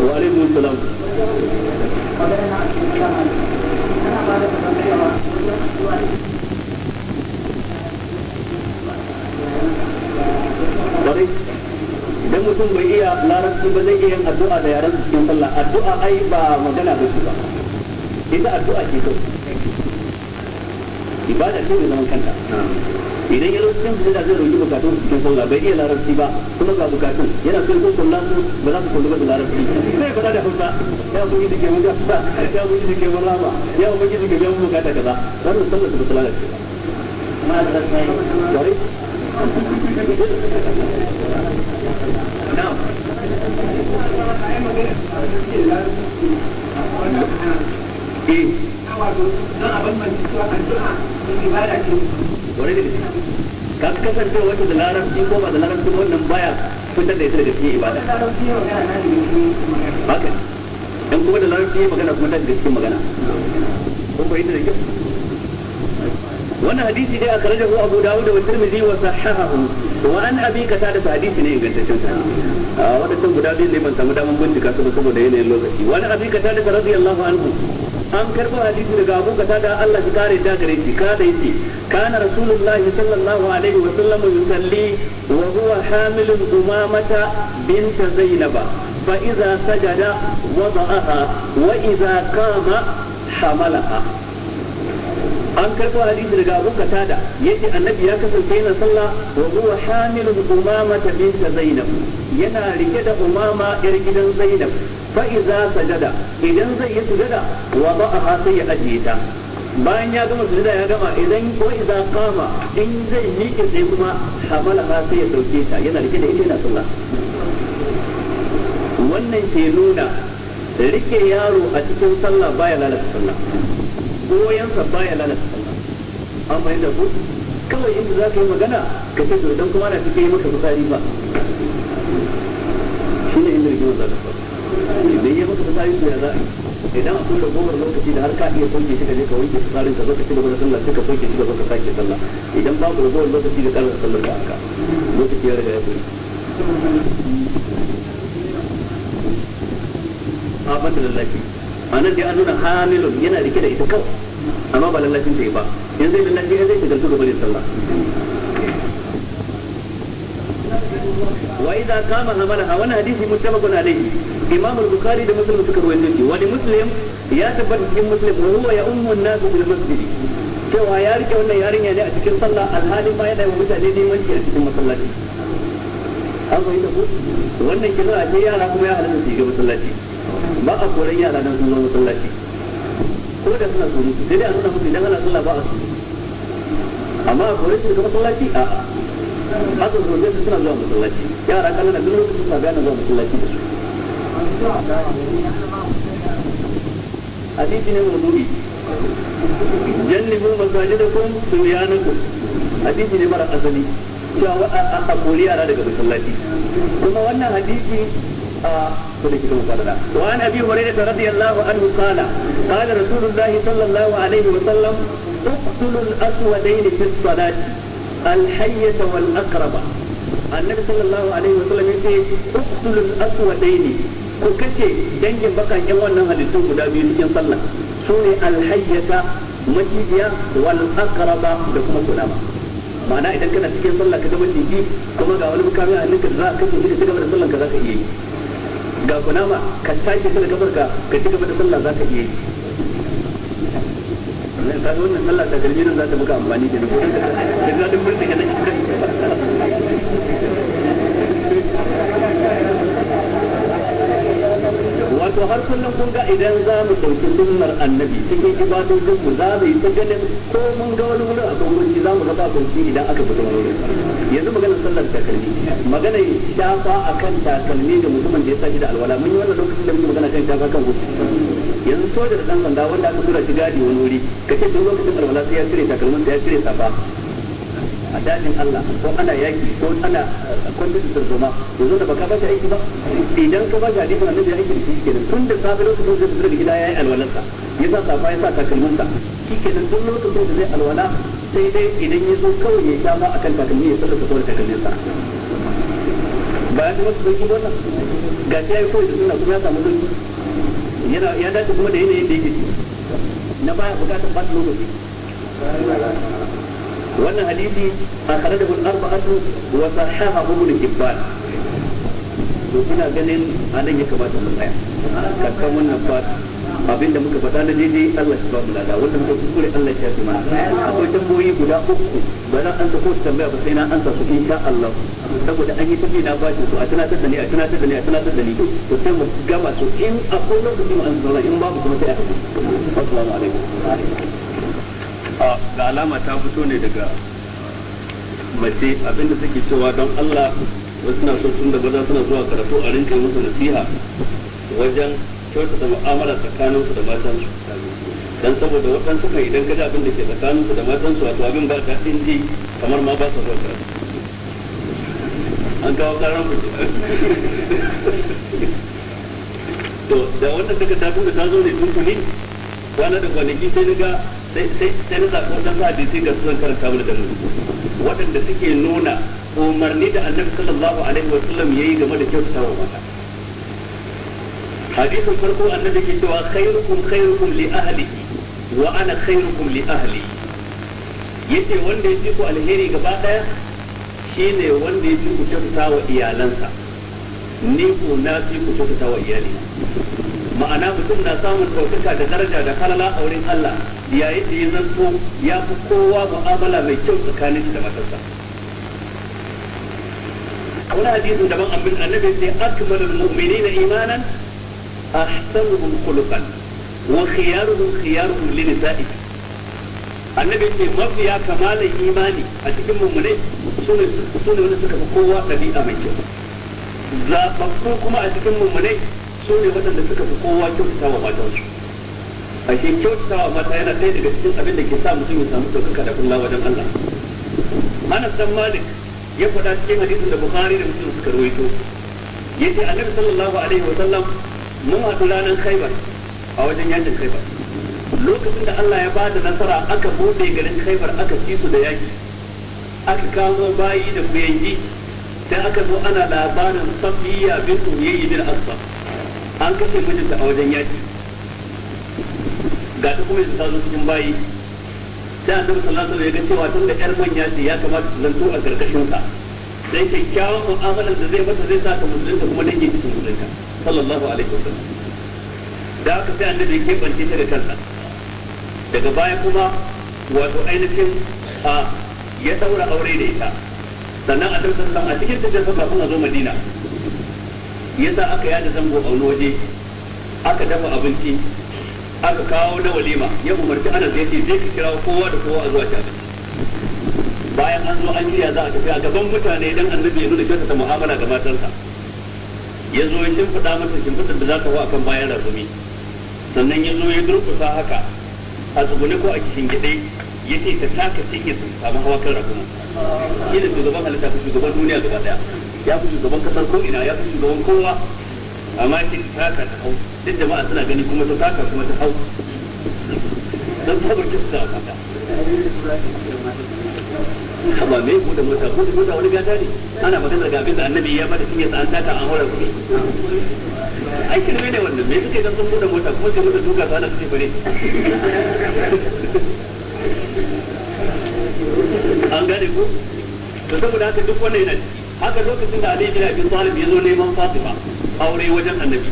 [SPEAKER 1] wa alaikum salam kwarai idan mutum bai iya larabci ba zai iya yin addu'a da yaren cikin sallah addu'a ai ba magana ba su ba ita addu'a ke kawai ibada ce da zaman kanta idan ya cikin su sujada zai roki bukatun cikin sallah bai iya larabci ba kuma ga bukatun yana so kun kulla su ba za ku kulla da larabci sai fada da hausa ya ubangi da ke mun ga ya ubangi da ke mun rama ya ubangi da ke biyan bukata kaza wannan sallah da sallah ce Now, eh ka kasance wata da larabci ko ba da larabci wannan baya fitar da ita ibada kuma da larabci magana kuma da magana kun da kyau wannan hadisi dai ko Abu Dawud wa Tirmidhi wa sahahahu wa an Abi da hadisi ne ingantaccen sa ah, wadannan guda biyu ne ban samu daman bincika su saboda yanayin lokaci wani Abi Qatada radiyallahu anhu an karba hadisi daga Abu daga Allah ya kare da gare shi kada yace kana rasulullahi sallallahu alaihi wa sallam yusalli wa huwa hamilun umamata bint zainaba fa idza sajada wada'aha wa idza hamalaha an karɓo hadisi daga abu katada yace annabi ya kasance yana sallah wa huwa hamil umama ta binta zainab yana rike da umama yar gidan zainab fa iza sajada idan zai yi sujada wa ba'aha sai ya ajiye ta bayan ya gama sujada ya gama idan ko iza kama in zai miƙe sai kuma ha sai ya dauke ta yana rike da ita yana sallah wannan ke nuna rike yaro a cikin sallah baya lalata sallah goyensa baya lalata sallah amma fahimta ku kawai inda za ka yi magana ka ce to kuma ana cikin yi maka fitsari ba shi ne inda rigimar za ka fara idan yi maka fitsari to ya za idan a kuma gobar lokaci da har ka iya sauke shi ka je ka wanke fitsarin ka zo ka ci gaba da sallah sai ka sauke shi ka zo ka sake sallah idan ba ku gobar lokaci da karar sallar ka aka lokaci ya riga ya kuri abin da lallafi anan dai an nuna hamilun yana rike da ita kawai amma ba lallacin ta yi ba yanzu idan lafiya zai shiga tuka bari sallah wa idza hamala hamalaha wannan hadisi muttafaqun alayhi imam al-bukhari da muslim suka rawaito shi wa muslim ya tabbata cikin muslim wa huwa ya ummu an-nas bil masjid cewa ya rike wannan yarinya ne a cikin sallah alhalin ba yana yi mutane limanci a cikin masallaci an ita ku wannan kira a ce yara kuma ya halalta su masallaci ba a koran yara nan sun zo masallaci ko da suna surutu sai dai a nuna musu idan ana sallah ba a surutu amma a kore su daga masallaci a a aka kore su suna zuwa masallaci yara kanana duk lokacin suna bayanin zuwa masallaci
[SPEAKER 3] da su
[SPEAKER 1] hadisi ne mawdu'i jannibu masajidakum suryanakum hadisi ne mara asali cewa a kore yara daga masallaci kuma wannan hadisi وعن ابي هريره رضي الله عنه قال قال رسول الله صلى الله عليه وسلم اقتلوا الاسودين في الصلاه الحية والأقرب النبي صلى الله عليه وسلم يقول اقتل الأسودين كوكتي دنجن بقى يوان نها لتون قد أبي لكين صلى سوني الحية مجيديا والأقرب لكم كلاما ma'ana idan kana cikin sallah ka ga maciji kuma ga wani mukami a hannunka da za ka kashe shi da cigaba da sallan ka za ka iya yi ga kunama ka tashi ta da kafar ka ka ci gaba da sallah zaka iya yi ka ga wannan sallah ta kalmi nan za ta maka amfani kenan ko da ka da dadin murtaka da to har kullum kun ga idan za mu ɗauki sunnar annabi cikin ibadojin mu za mu yi ta ganin ko mun ga wani wurin a wurin za mu raba kunci idan aka fito wani wurin yanzu magana sallar takalmi magana shafa a kan takalmi da mutumin da ya sashi da alwala mun yi wannan lokacin da muke magana kan shafa kan wuce yanzu soja da ɗan sanda wanda aka tura shi gadi wani wuri kace duk lokacin alwala sai ya cire takalmin sai ya cire safa a dajin Allah ko ana yaki ko ana kwantar da tarzoma ya zo da baka ba aiki ba idan ka ba ta hadisin annabi aiki da shi kenan tun da safe lokacin da zai gida ya yi alwalarsa ya sa safa ya sa takalminsa shi kenan duk lokacin da zai alwala sai dai idan ya zo kawai ya sha a kan takalmi ya tsaka kawai takalminsa ba ya zama sauki ba wannan ga ta yi kawai da suna kuma ya samu zai yana ya dace kuma da yanayin da yake ci na baya bukatar ba lokaci wannan hadisi akhrajahu al-arba'atu wa sahahahu ibn hibban to ina ganin anan ya kamata mun tsaya kakkan wannan fata abin da muka faɗa na daidai Allah ya samu lada wanda muka kuskure Allah ya fi mana akwai tamboyi guda uku ba an tafi ko tambaya ba sai na an su insha Allah saboda an yi tafi na bashi su a tunatar da ni a tunatar da ni a tunatar da ni to sai mu gama su in akwai lokaci mu ansa in babu kuma sai a tafi assalamu alaikum a ga alama ta fito ne daga mace abinda suke cewa don Allah wasu na son tun da maza suna zuwa karatu a rinka yi musu nasiha wajen kyauta da mu'amala tsakanin su da matan su dan saboda su kai idan kaji abin da ke tsakanin su da matan su wato abin ba daɗin ji kamar ma ba su zuwa karatu an kawo karan ku to da wannan daga ta da ta zo ne tun tuni kwana da kwanaki sai daga sai sai sai na zaɓi waɗansu hadisi ga sunan karanta mana da mu waɗanda suke nuna umarni da annabi sallallahu alaihi wa sallam yayi game da kyautatawa mata hadisin farko annabi ke cewa khairukum khairukum li ahli wa ana khairukum li ahli yace wanda ya ci ku alheri gaba daya shine wanda ya ci ku kyautata wa iyalansa ni ku na fi ku kyautata wa iyali ma'ana mutum na samun ɗaukaka da daraja da kalala a wurin Allah yayin da ya zanto ya fi kowa mu'amala mai kyau tsakanin da matarsa wani hadisin daban abin annabi sai akmalul na imanan ahsanuhum khuluqan wa khiyaruhum khiyaruhum li nisa'i annabi mafi ya kamala imani a cikin mummune su ne wanda suka fi kowa ɗabi'a mai kyau zaɓaɓɓu kuma a cikin mummune su ne waɗanda suka fi kowa kyautata wa matansu a ke kyautatawa mata yana ɗaya daga cikin abin da ke sa mutum ya samu ɗaukaka da kulla wajen Allah Anas dan Malik ya faɗa cikin hadisin da Bukhari da Muslim suka rawaito yace Annabi sallallahu alaihi wa sallam mun haɗu ranar Khaibar a wajen yakin Khaibar lokacin da Allah ya ba da nasara aka bude garin Khaibar aka ci su da yaki aka kawo bayi da kuyangi sai aka zo ana labarin Safiya bin Umayyah bin Asfa an kashe mijinta a wajen yaki ga ta kuma ta zo cikin bayi sai annabi sallallahu alaihi ya ga cewa tun da yar manya ce ya kamata su zanto a karkashin ka sai kyakkyawan mu'amalar da zai mata zai sa ta musulunta kuma dange cikin musulunta sallallahu alaihi wasallam da aka sai annabi ya keɓance ta da kansa daga baya kuma wato ainihin a ya daura aure da ita sannan a sallallahu alaihi a cikin tafiyar sa kafin a zo Madina yasa aka yada zango a wani waje aka dafa abinci aka kawo na walima ya umarci anas ya ce sai ka kira kowa da kowa a zuwa ci bayan an zo an shirya za a tafi a gaban mutane dan annabi ya nuna ta mu'amala ga matansa ya zo ya shimfiɗa mata shimfiɗar da za ta hau kan bayan razumi sannan ya zo ya durkusa haka a tsuguni ko a gyaɗe ya ce ta taka cikin su samu hawa kan razumi shi da shugaban halitta fi shugaban duniya gaba daya ya fi shugaban kasar ko ina ya fi shugaban kowa amma ce kaka ta hau duk jama'a suna gani kuma ta kaka kuma ta hau don sabar kisa a kaka amma me ku da mota ku da mota wani gata ne ana magana ga abin da annabi ya bada cinya an taka an hora kuɗi aikin kirme ne wannan me suke dan sun buɗe mota kuma sai mota duka su ana suke bare an gane ku to saboda haka duk wannan yana haka lokacin da Ali bin Abi Talib ya zo neman Fatima aure wajen annabi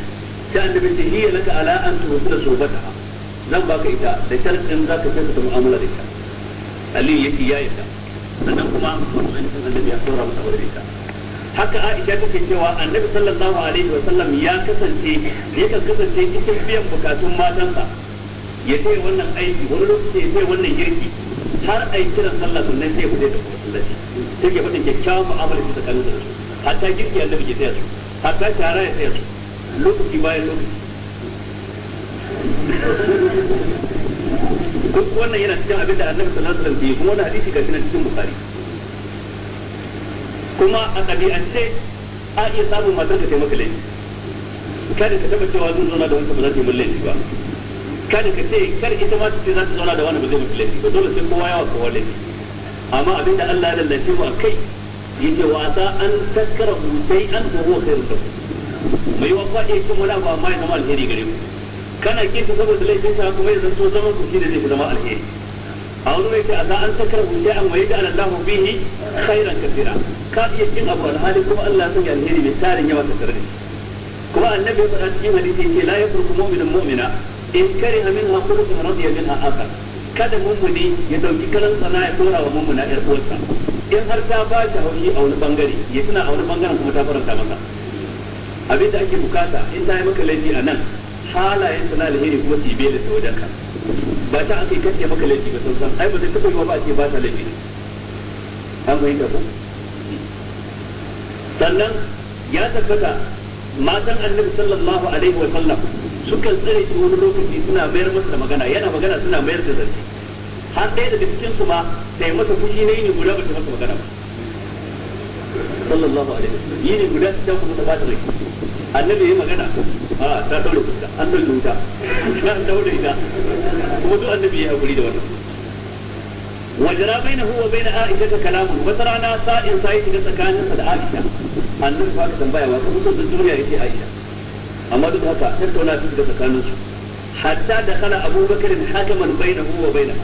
[SPEAKER 1] sai annabi ce hiya laka ala an tuhsina sobata zan baka ita da sharadin zaka kai ta mu'amala da ita Ali yake ya yarda sannan kuma wannan annabi ya saura masa aure da ita haka Aisha take cewa Annabi sallallahu alaihi wa sallam ya kasance yakan kasance cikin biyan bukatun matansa ya ce wannan aiki wani lokaci ya ce wannan girki har a yi kiran sallah sannan sai ya fita da masallaci take faɗin kyakkyawan mu'amala da ta tsakanin da su hatta girki annabi ke tsaya su a tashi a lokaci bayan lokaci duk wannan yana cikin abin da annabi sallallahu alaihi wasallam kuma wannan hadisi na cikin bukhari kuma a a iya samun matar ka taimaka laifi kada ka taba cewa zan zauna da wanda ba za ta yi ba kada ka ce kar ita ma ta ce za ta zauna da wani ba zai mutu laifi ba dole sai kowa ya kowa laifi amma abin da Allah ya lallace mu a kai yace wa asa an taskara hutai an gogo khairun da mai wafa ya kuma na ba mai zama alheri gare ku kana ki ta saboda laifin sa kuma ya zanto zaman ku shine zai zama alheri a wani mai ce asa an taskara hutai an wai da Allah bihi khairan kathira ka iya kin abu alhali kuma Allah ya sanya alheri mai tarin yawa tattare da kuma annabi ya faɗa cikin hadisi yace la yafruku mu'minun mu'mina in kariha minha khuluqan radiya minha akhar kada mummuni ya dauki karan sana ya dora wa mummuna yar uwarsa in har ta ba shi haushi a wani bangare ya tuna a wani bangaren kuma ta faranta maka abin da ake bukata in ta yi maka laifi a nan halayen suna na alheri kuma tibe da ta wajen ka ba ta aka yi kace maka laifi ba san ai ba zai taɓa yiwa ba a ce ba ta laifi an fahimta ko sannan ya tabbata matan annabi sallallahu alaihi wa sallam sukan tsare shi wani lokaci suna mayar masa da magana yana magana suna mayar da zance har ɗaya daga cikin su ma da masa fushi na yini guda ba ta masa magana ba sallallahu alaihi wasallam yini guda ta kuma ta bata rai annabi yayi magana a ta daure fuska an daure wuta ta daure ita kuma duk annabi ya hakuri da wannan وجرى بينه وبين عائشة كلام وترانا سائل سائل إذا كان da عائشة annabi ba ka tambaya ba kuma sun duniya yake Aisha amma duk haka tattauna su da tsakanin su hatta da kana Abu Bakar hakaman bainahu wa bainaha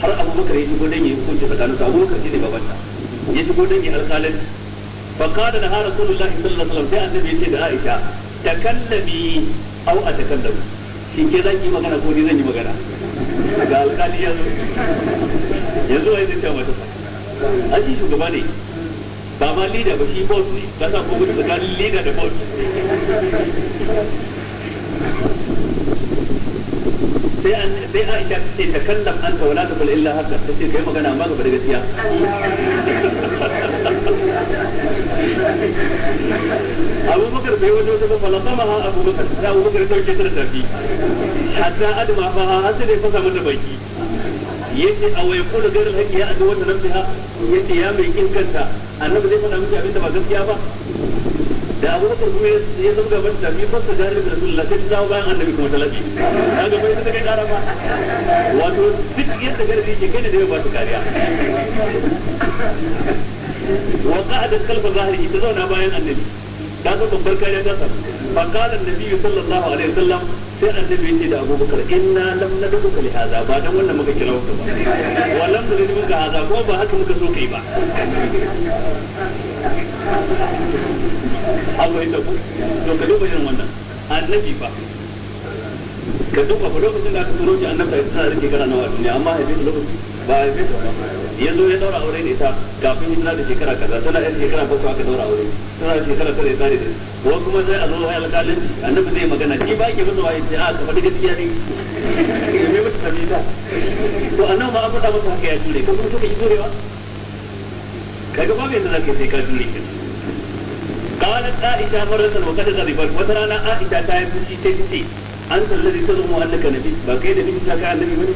[SPEAKER 1] har abubakar ya shigo dan ya hukunci tsakanin su abubakar shine babanta ya shigo dan da alƙalanci فقال لها sallallahu alaihi wasallam الله annabi ya ce da aisha takallami au a takallamu shi ke zan yi magana ko ni zan yi magana ga alƙali yanzu yanzu wai zai mata an shi shugaba ne ba ma lida ba shi boss ne ba sa ko tsakanin lida da boss sai an sai Aisha ce ta kallam anta wala ta kul illa hakka ta ce kai magana amma gaba da gaskiya Abu Bakar bai wajen wata ba falasama ha Abu Bakar sai Abu Bakar dauke ta tafi hatta adma fa ha sai dai fasa mata baki yace a wai kullu gairu haƙi ya adu wannan nafsiha yace ya mai inganta annabi zai faɗa miki abin da ba gaskiya ba da abu da kuma ya zama gaban da mi fasta jari da rasulullah sai ta dawo bayan annabi kuma talaci da gaba ita ta kai kara ba wato duk yadda garbi yake kai da ya ba su kariya wa qa'adat kalfa zahiri ta zauna bayan annabi ta zo babbar kariya ta samu fa qala annabi sallallahu alaihi wasallam sai annabi yake da abubakar inna lam nad'uka li hadha ba dan wannan muka kira ku ba da lam muka hadha ko ba haka muka so kai ba an wai to ka duba irin wannan annabi fa ka duba fa lokacin da aka annabi rike amma lokaci ba haife ba ya daura aure ne ta kafin hijira da shekara kaza tana shekara aka daura aure tana shekara ta ne kuma sai a magana ki ba ki waye a ka faɗi gaskiya ne to annabi ba a faɗa masa haka ya jure ko kuma suka yi jurewa kaga babu yadda zaka sai ka jure قالت عائشة مرة وقد غضبت وترانا عائشة تايم بشي تيتي أنت الذي تزعم أنك نبي ما كان نبي لك عن نبي من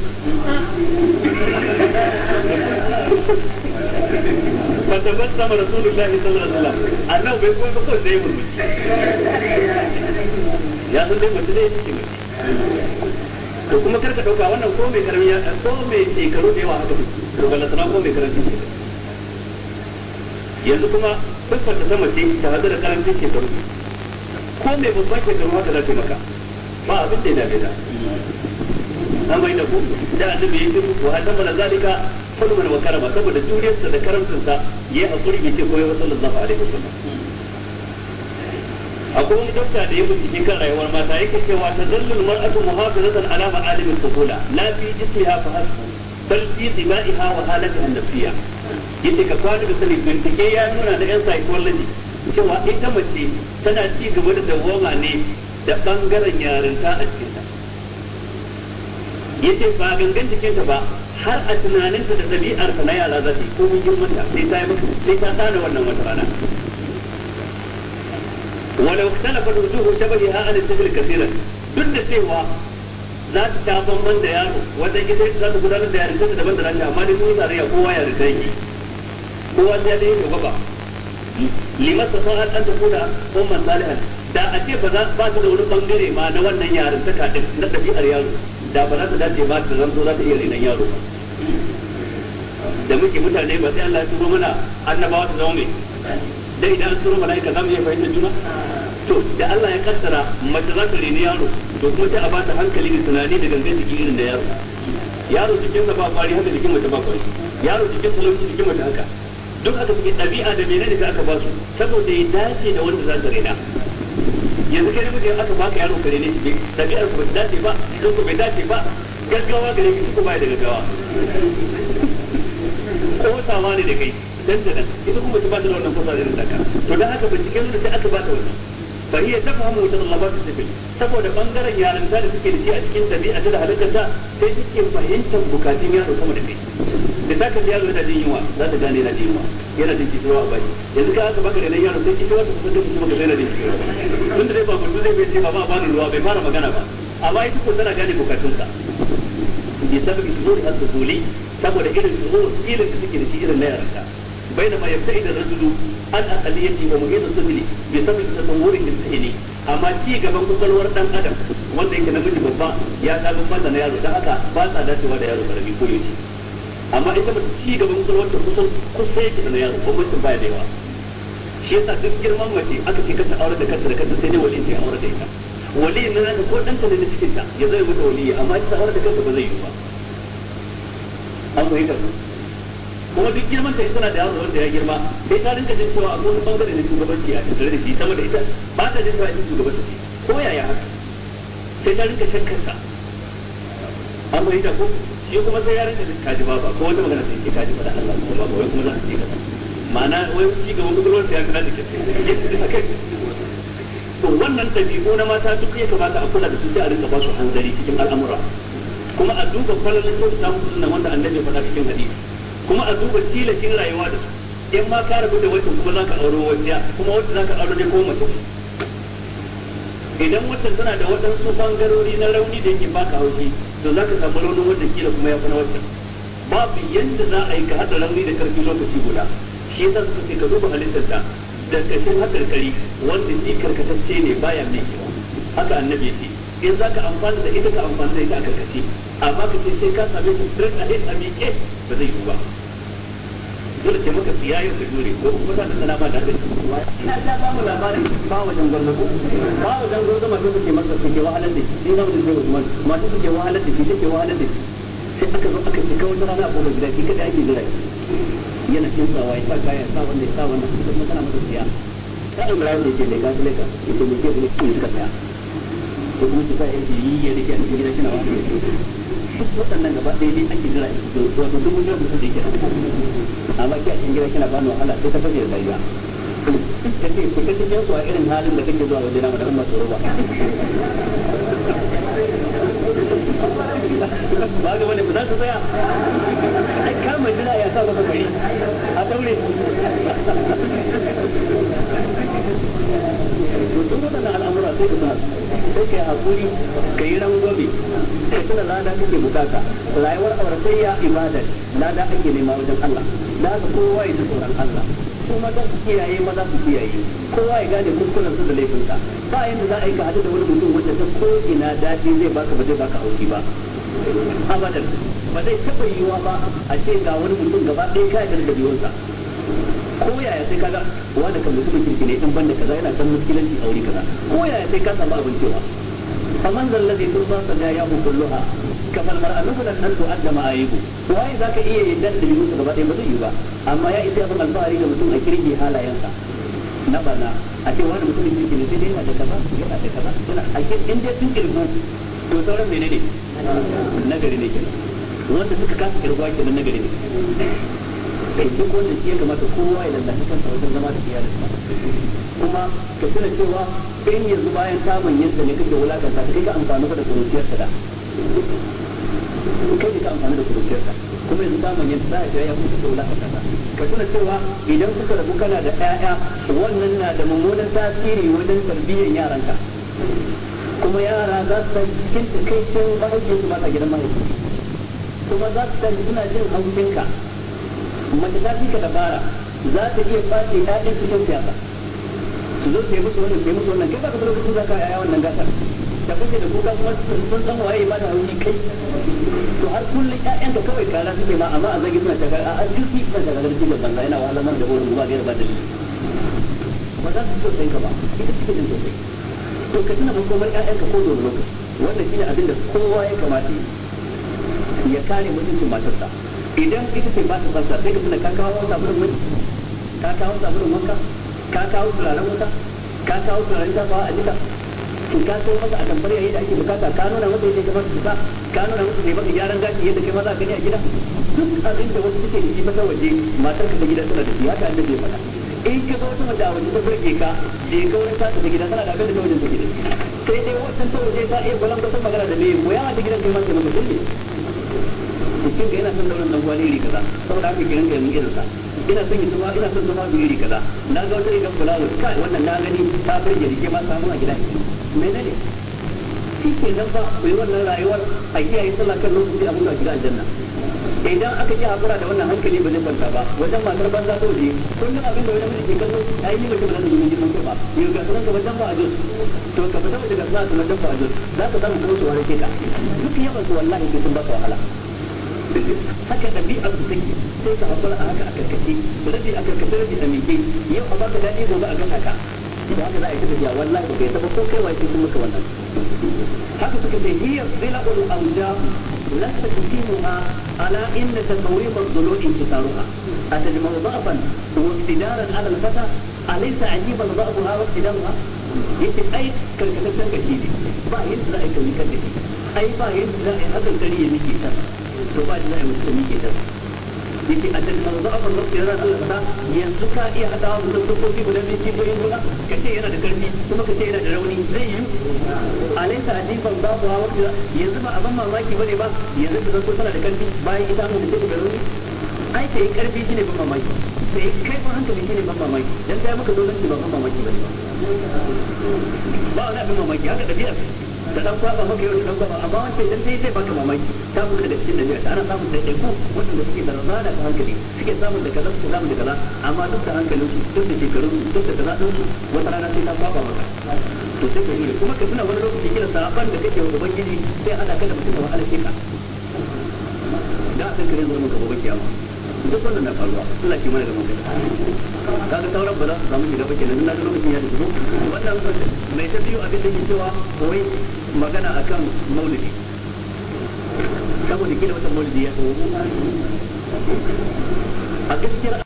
[SPEAKER 1] فتبسم رسول الله صلى الله عليه وسلم أنه بيقول بقول زي المسلم يا أخي زي مسلم to kuma kar ka dauka wannan ko mai karami ko mai shekaru da yawa haka to balla sana ko mai karami yanzu kuma siffar ta sama ce ta hadu da karancin shekaru ko mai babban shekaru haka za ta maka ba abin da ya dame ta an bai da ku da annabi ya ce wa hadama na zalika fulman wa karama saboda juriyarsa da karamcinsa ya hakuri bai ce koyo sallallahu alaihi wasallam akwai wani dokta da ya bincike kan rayuwar mata yake cewa ta dallul mar'atu muhafizatan ala ma'alimin tuhula la fi jismiha fa hasbu bal fi dimaiha wa halatiha an-nafsiyya yadda ka kwana da sani bincike ya nuna da yan psychology cewa ita mace tana ci gaba da dawoma ne da bangaren yarinta a cikinta yadda ba gangan jikinta ba har a tunaninta da ɗabi'arta na yara za ta yi komin girmanta sai ta yi sai ta tsara wannan wata rana fa اختلفت وجوه ha an الشبه كثيرا duk da cewa za ta ta bamban da yaro wajen gidan za ta gudanar da yarinta daban da rani amma dai mun zare ya kowa yarinta yake kowa ya da yake gaba ta sa'ad an ta kuna umman salihan da a ce ba za ba ta da wani bangare ma na wannan yaron ta kadin na dabi'ar yaro da ba za ta dace ba ta zanto za ta iya rinan yaro ba da muke mutane ba sai Allah ya turo mana annabawa ta zama mai dai idan an turo mala'ika za mu iya fahimtar juna to da Allah ya kassara mace za ta reni yaro to kuma ta a ba ta hankali da tunani da gangan jiki irin da yaro yaro cikin sa ba kwari haka jikin mace ba kwari yaro cikin talauci jikin mace haka duk aka fi ɗabi'a da menene da aka ba su saboda ya dace da wanda za su raina yanzu kai namiji aka baka yaro kare ne shi ɗabi'ar ku bai dace ba don ku bai dace ba gaggawa gare ki ko baya da gaggawa kosawa ne da kai dan da nan ita kuma ta ba da wannan kosa irin taka to dan haka binciken da sai aka ba ta wannan fa hiya tafhamu wa talabatu sibil saboda bangaren yaran da suke da shi a cikin ɗabi'a da halittar ta sai suke fahimtar bukatun yaro kuma da kai da ta kan yaro yana jin yunwa za ta gane yana jin yunwa yana jin kishiwa a baki yanzu ka haka baka da nan yaro sai kishiwa ta kusa da kuma ka yana jin kishiwa tun da dai ba mutum zai bai ce ba ba bani ruwa bai fara magana ba amma ita ko tana gane bukatunsa bi sababi zuhuri al-zuhuli saboda irin zuhur ilin da suke da shi irin na yaranka بينما يبتعد الرجل عن اقليته ومحيط الطفل بسبب تطوره الذهني amma ci gaban kwakwalwar dan adam wanda yake namiji babba ya sabon mata na yaro dan haka ba sa dacewa da yaro karami ko yaushe amma ita ta ci gaban kwakwalwarta kusan kusa yake da na yaro mutum baya da yawa shi yasa duk girman mace aka ce kanta aure da kanta da kanta sai ne wali ta aure da ita wali nan zaka ko ɗanta ne na cikin ta ya zai mutu wali amma ita aure da kanta ba zai yi ba an fahimta kuma duk girman ta tana da yaro wanda ya girma sai ta rinka jin cewa a wani bangare na shugabanci a tattare da shi sama da ita ba ta jin cewa ita shugabanci ko yaya haka sai ta rinka shakkar sa an ita ko shi kuma sai yaran da kaji ba ko wata magana sai ke kaji ba da Allah ko ba wai kuma za su ji kaza ma'ana wai shi ga wani gurbar sai ya kana da kike to wannan dabi'u na mata duk ya kamata a kula da su sai a rinka ba su hanzari cikin al'amura kuma a duba kwalalin ta musu nan wanda annabi ya faɗa cikin hadisi kuma a duba tilakin rayuwa da su in ma ka rabu da wacce kuma za ka auro wacce kuma wacce za ka auro ne ko mace idan wacce tana da waɗansu bangarori na rauni da yake baka haushi to zaka samu raunin wanda kila kuma ya na wancan babu yanda za a yi ka hada rauni da karfi lokaci guda shi yasa suka ce ka duba halittar ta da kashin kari wanda shi karkatacce ne baya mai kiwa haka annabi ya ce in zaka amfana da ita ka amfana da ita a karkace amma ka ce sai ka same ta straight ahead a miƙe ba zai yi ba dole ce maka siya yau ka jure ko kuma za ka tsana ba da na ta samu labarin ba wajen na ko ba wajen gwarzo masu suke masa suke wahalar da shi zama da shi Usman masu suke wahalar da shi suke wahalar da shi sai aka zo aka cika wata rana a kofar gida shi kada ake jira yana kinsawa ya sa kaya sa wanda ya sa wannan kuma tana masa siya ta umra ne ke leka leka ita ne ke ne suka tsaya ko su yake yi ya rike a cikin gida kina wani duk waɗannan gaba ɗaya ne ake jira wato duk su amma a cikin gida kina ba wahala sai ta fashe da dariya ku a irin halin da kake zuwa wajen na madaran masu roba ba ga wani za su tsaya ai kama jira ya sa masa bari a daure to duk waɗannan al'amura sai ka sai ka hakuri ka yi rangwame ka tuna lada kake bukata rayuwar auratayya ibadar lada ake nema wajen Allah da haka kowa ya ji tsoron Allah kuma maza su kiyaye maza su kiyaye kowa ya gane kuskuren su da laifinsa ba yanda za a yi ka hadu da wani mutum wanda ta ko ina daɗi zai baka ba zai baka auki ba abadan ba zai taɓa yiwuwa ba a ce ga wani mutum gaba ɗaya ka yi da biyonsa ko yaya sai kaga wani kan mutumin kirki ne in banda kaza yana kan muskilanci a wuri kaza ko yaya sai ka samu abin cewa faman zal ladhi turba sadayahu kulluha kamar mar'atu lan an tu'adda ma'ayibu wai zaka iya yin yaddan da biyu gaba ɗaya ba zai yi ba amma ya isa ban alfahari da mutum a kirki halayensa na bana a ce wani mutumin kirki ne sai dai yana da kaza yana da kaza yana a in dai sun kirgo to sauran menene nagari ne kenan wanda suka kasa kirgo kenan nagari ne kai duk wanda shi kowa ya lallashi wajen zama da iyalinsa kuma ka tuna cewa in yanzu bayan ta manyanta ne kake wulakanta amfani da da kai ka amfani da kuma yanzu manyanta za a ce ya wulakanta ka tuna cewa idan kuka rabu kana da 'ya'ya wannan na da mummunan tasiri wajen tarbiyyar yaranka kuma yara za su san cikin takaicin ba ta gidan mahaifi kuma za su san suna jin haushinka mace ta fi ka dabara za ta iya ɗaɗin su cikin siyasa su zo su yi musu wannan su yi musu wannan kai ba ka zo ka za ka yaya wannan gasar da kake da kuka kuma sun san waye ba da hauni kai to har kullum ƴaƴan ka kawai kara suke ma amma a zagi suna shakar a jirgi suna shakar da cikin banza yana wahala man da wurin ba gaira ba da ba za su so sai ka ba ita cikin jin sosai to ka tuna makomar ƴaƴan ka ko da lokaci wannan shine abin da kowa ya kamata ya kare mutuncin matarsa idan ita ce ba ta fasa sai ka tuna ka kawo sabulun mai ka kawo sabulun wanka ka kawo turaren wuta ka kawo turaren fawa a jika to ka kawo masa a tambar yayi da ake bukata ka nuna masa yadda ya kamata sa ka nuna masa ne maka gyaran gashi yadda kai ma za ka gani a gida duk abin da wasu suke yi masa waje matar ka ta gida tana da shi haka annabi ya faɗa in ka zo wata mace a waje ta burge ka je ka wurin ta ta gida tana da abin da ta wajen ta gida sai dai wasu ta waje ta iya gwalan kwasan magana da me mu ya ta gidan kai ma ta masa ne jikin ka yana son launin dan gwani iri kaza saboda haka kiran ka yanzu irin sa ina son yin ina son zama biyu iri kaza na ga wata rigar fulawa kai wannan na gani ta burge jiki ma samu a gida menene shi ke nan ba ku yi wannan rayuwar a kiyaye sallah kan lokaci a mutu a gida aljanna idan aka ji hakura da wannan hankali ba zai kwanta ba wajen matar banza ko je kullum abin da wani mutum ke kallo ai ni mutum ba zai yi girman ba yau ga sunan ka wajen ba a jos to ka fita daga sunan sunan ba a jos za ka samu kuma su wani ke ka duk yawan su wallahi sai sun ba wahala take haka ɗabi'ar su take sai ka hakura a haka a karkace rabi a karkace rabi a yau a baka daɗi gobe a gasa ka da haka za a yi tafiya wallahi ba kai ta ko kai wa sun maka wannan haka suka ce hiyar ai kashi ne ba za a yi kauni kan ai ba za a yi hakan ya nike to ba da a da yana yanzu ka iya hadawa mutum guda biyu guda yana da karfi kuma yana da rauni zai yi alaisa babu yanzu ba abin mamaki bane ba yanzu ka zanto tana da karfi bayan ita mu mutum da rauni ai ta karfi shine ban mamaki ta yi kaifin hankali shine ban mamaki dan ba ban mamaki bane ba ba mamaki haka ta dan kwaba maka yau ta dan kwaba amma sai zai baka mamaki ta fita daga cikin dabi'a ana samun da ɗaiku wanda suke da razana ta hankali suke samun da kaza suke da kaza amma duk da hankalin su duk da shekarun su duk da kaza din su wata rana sai ta kwaba maka to sai ka yi kuma ka tuna wani lokaci kira saban da kake wa ubangiji sai ana kada mutum da wahalar da san kare zuwa maka gobe kiyama duk wannan na faruwa Allah ke mana gaban kai kaga sauran ba za su samu shiga ba kenan na lokacin ya shigo wannan mai ta biyu abin da ke cewa wai magana akan maulidi saboda kila wata maulidi ya tsawo a gaskiyar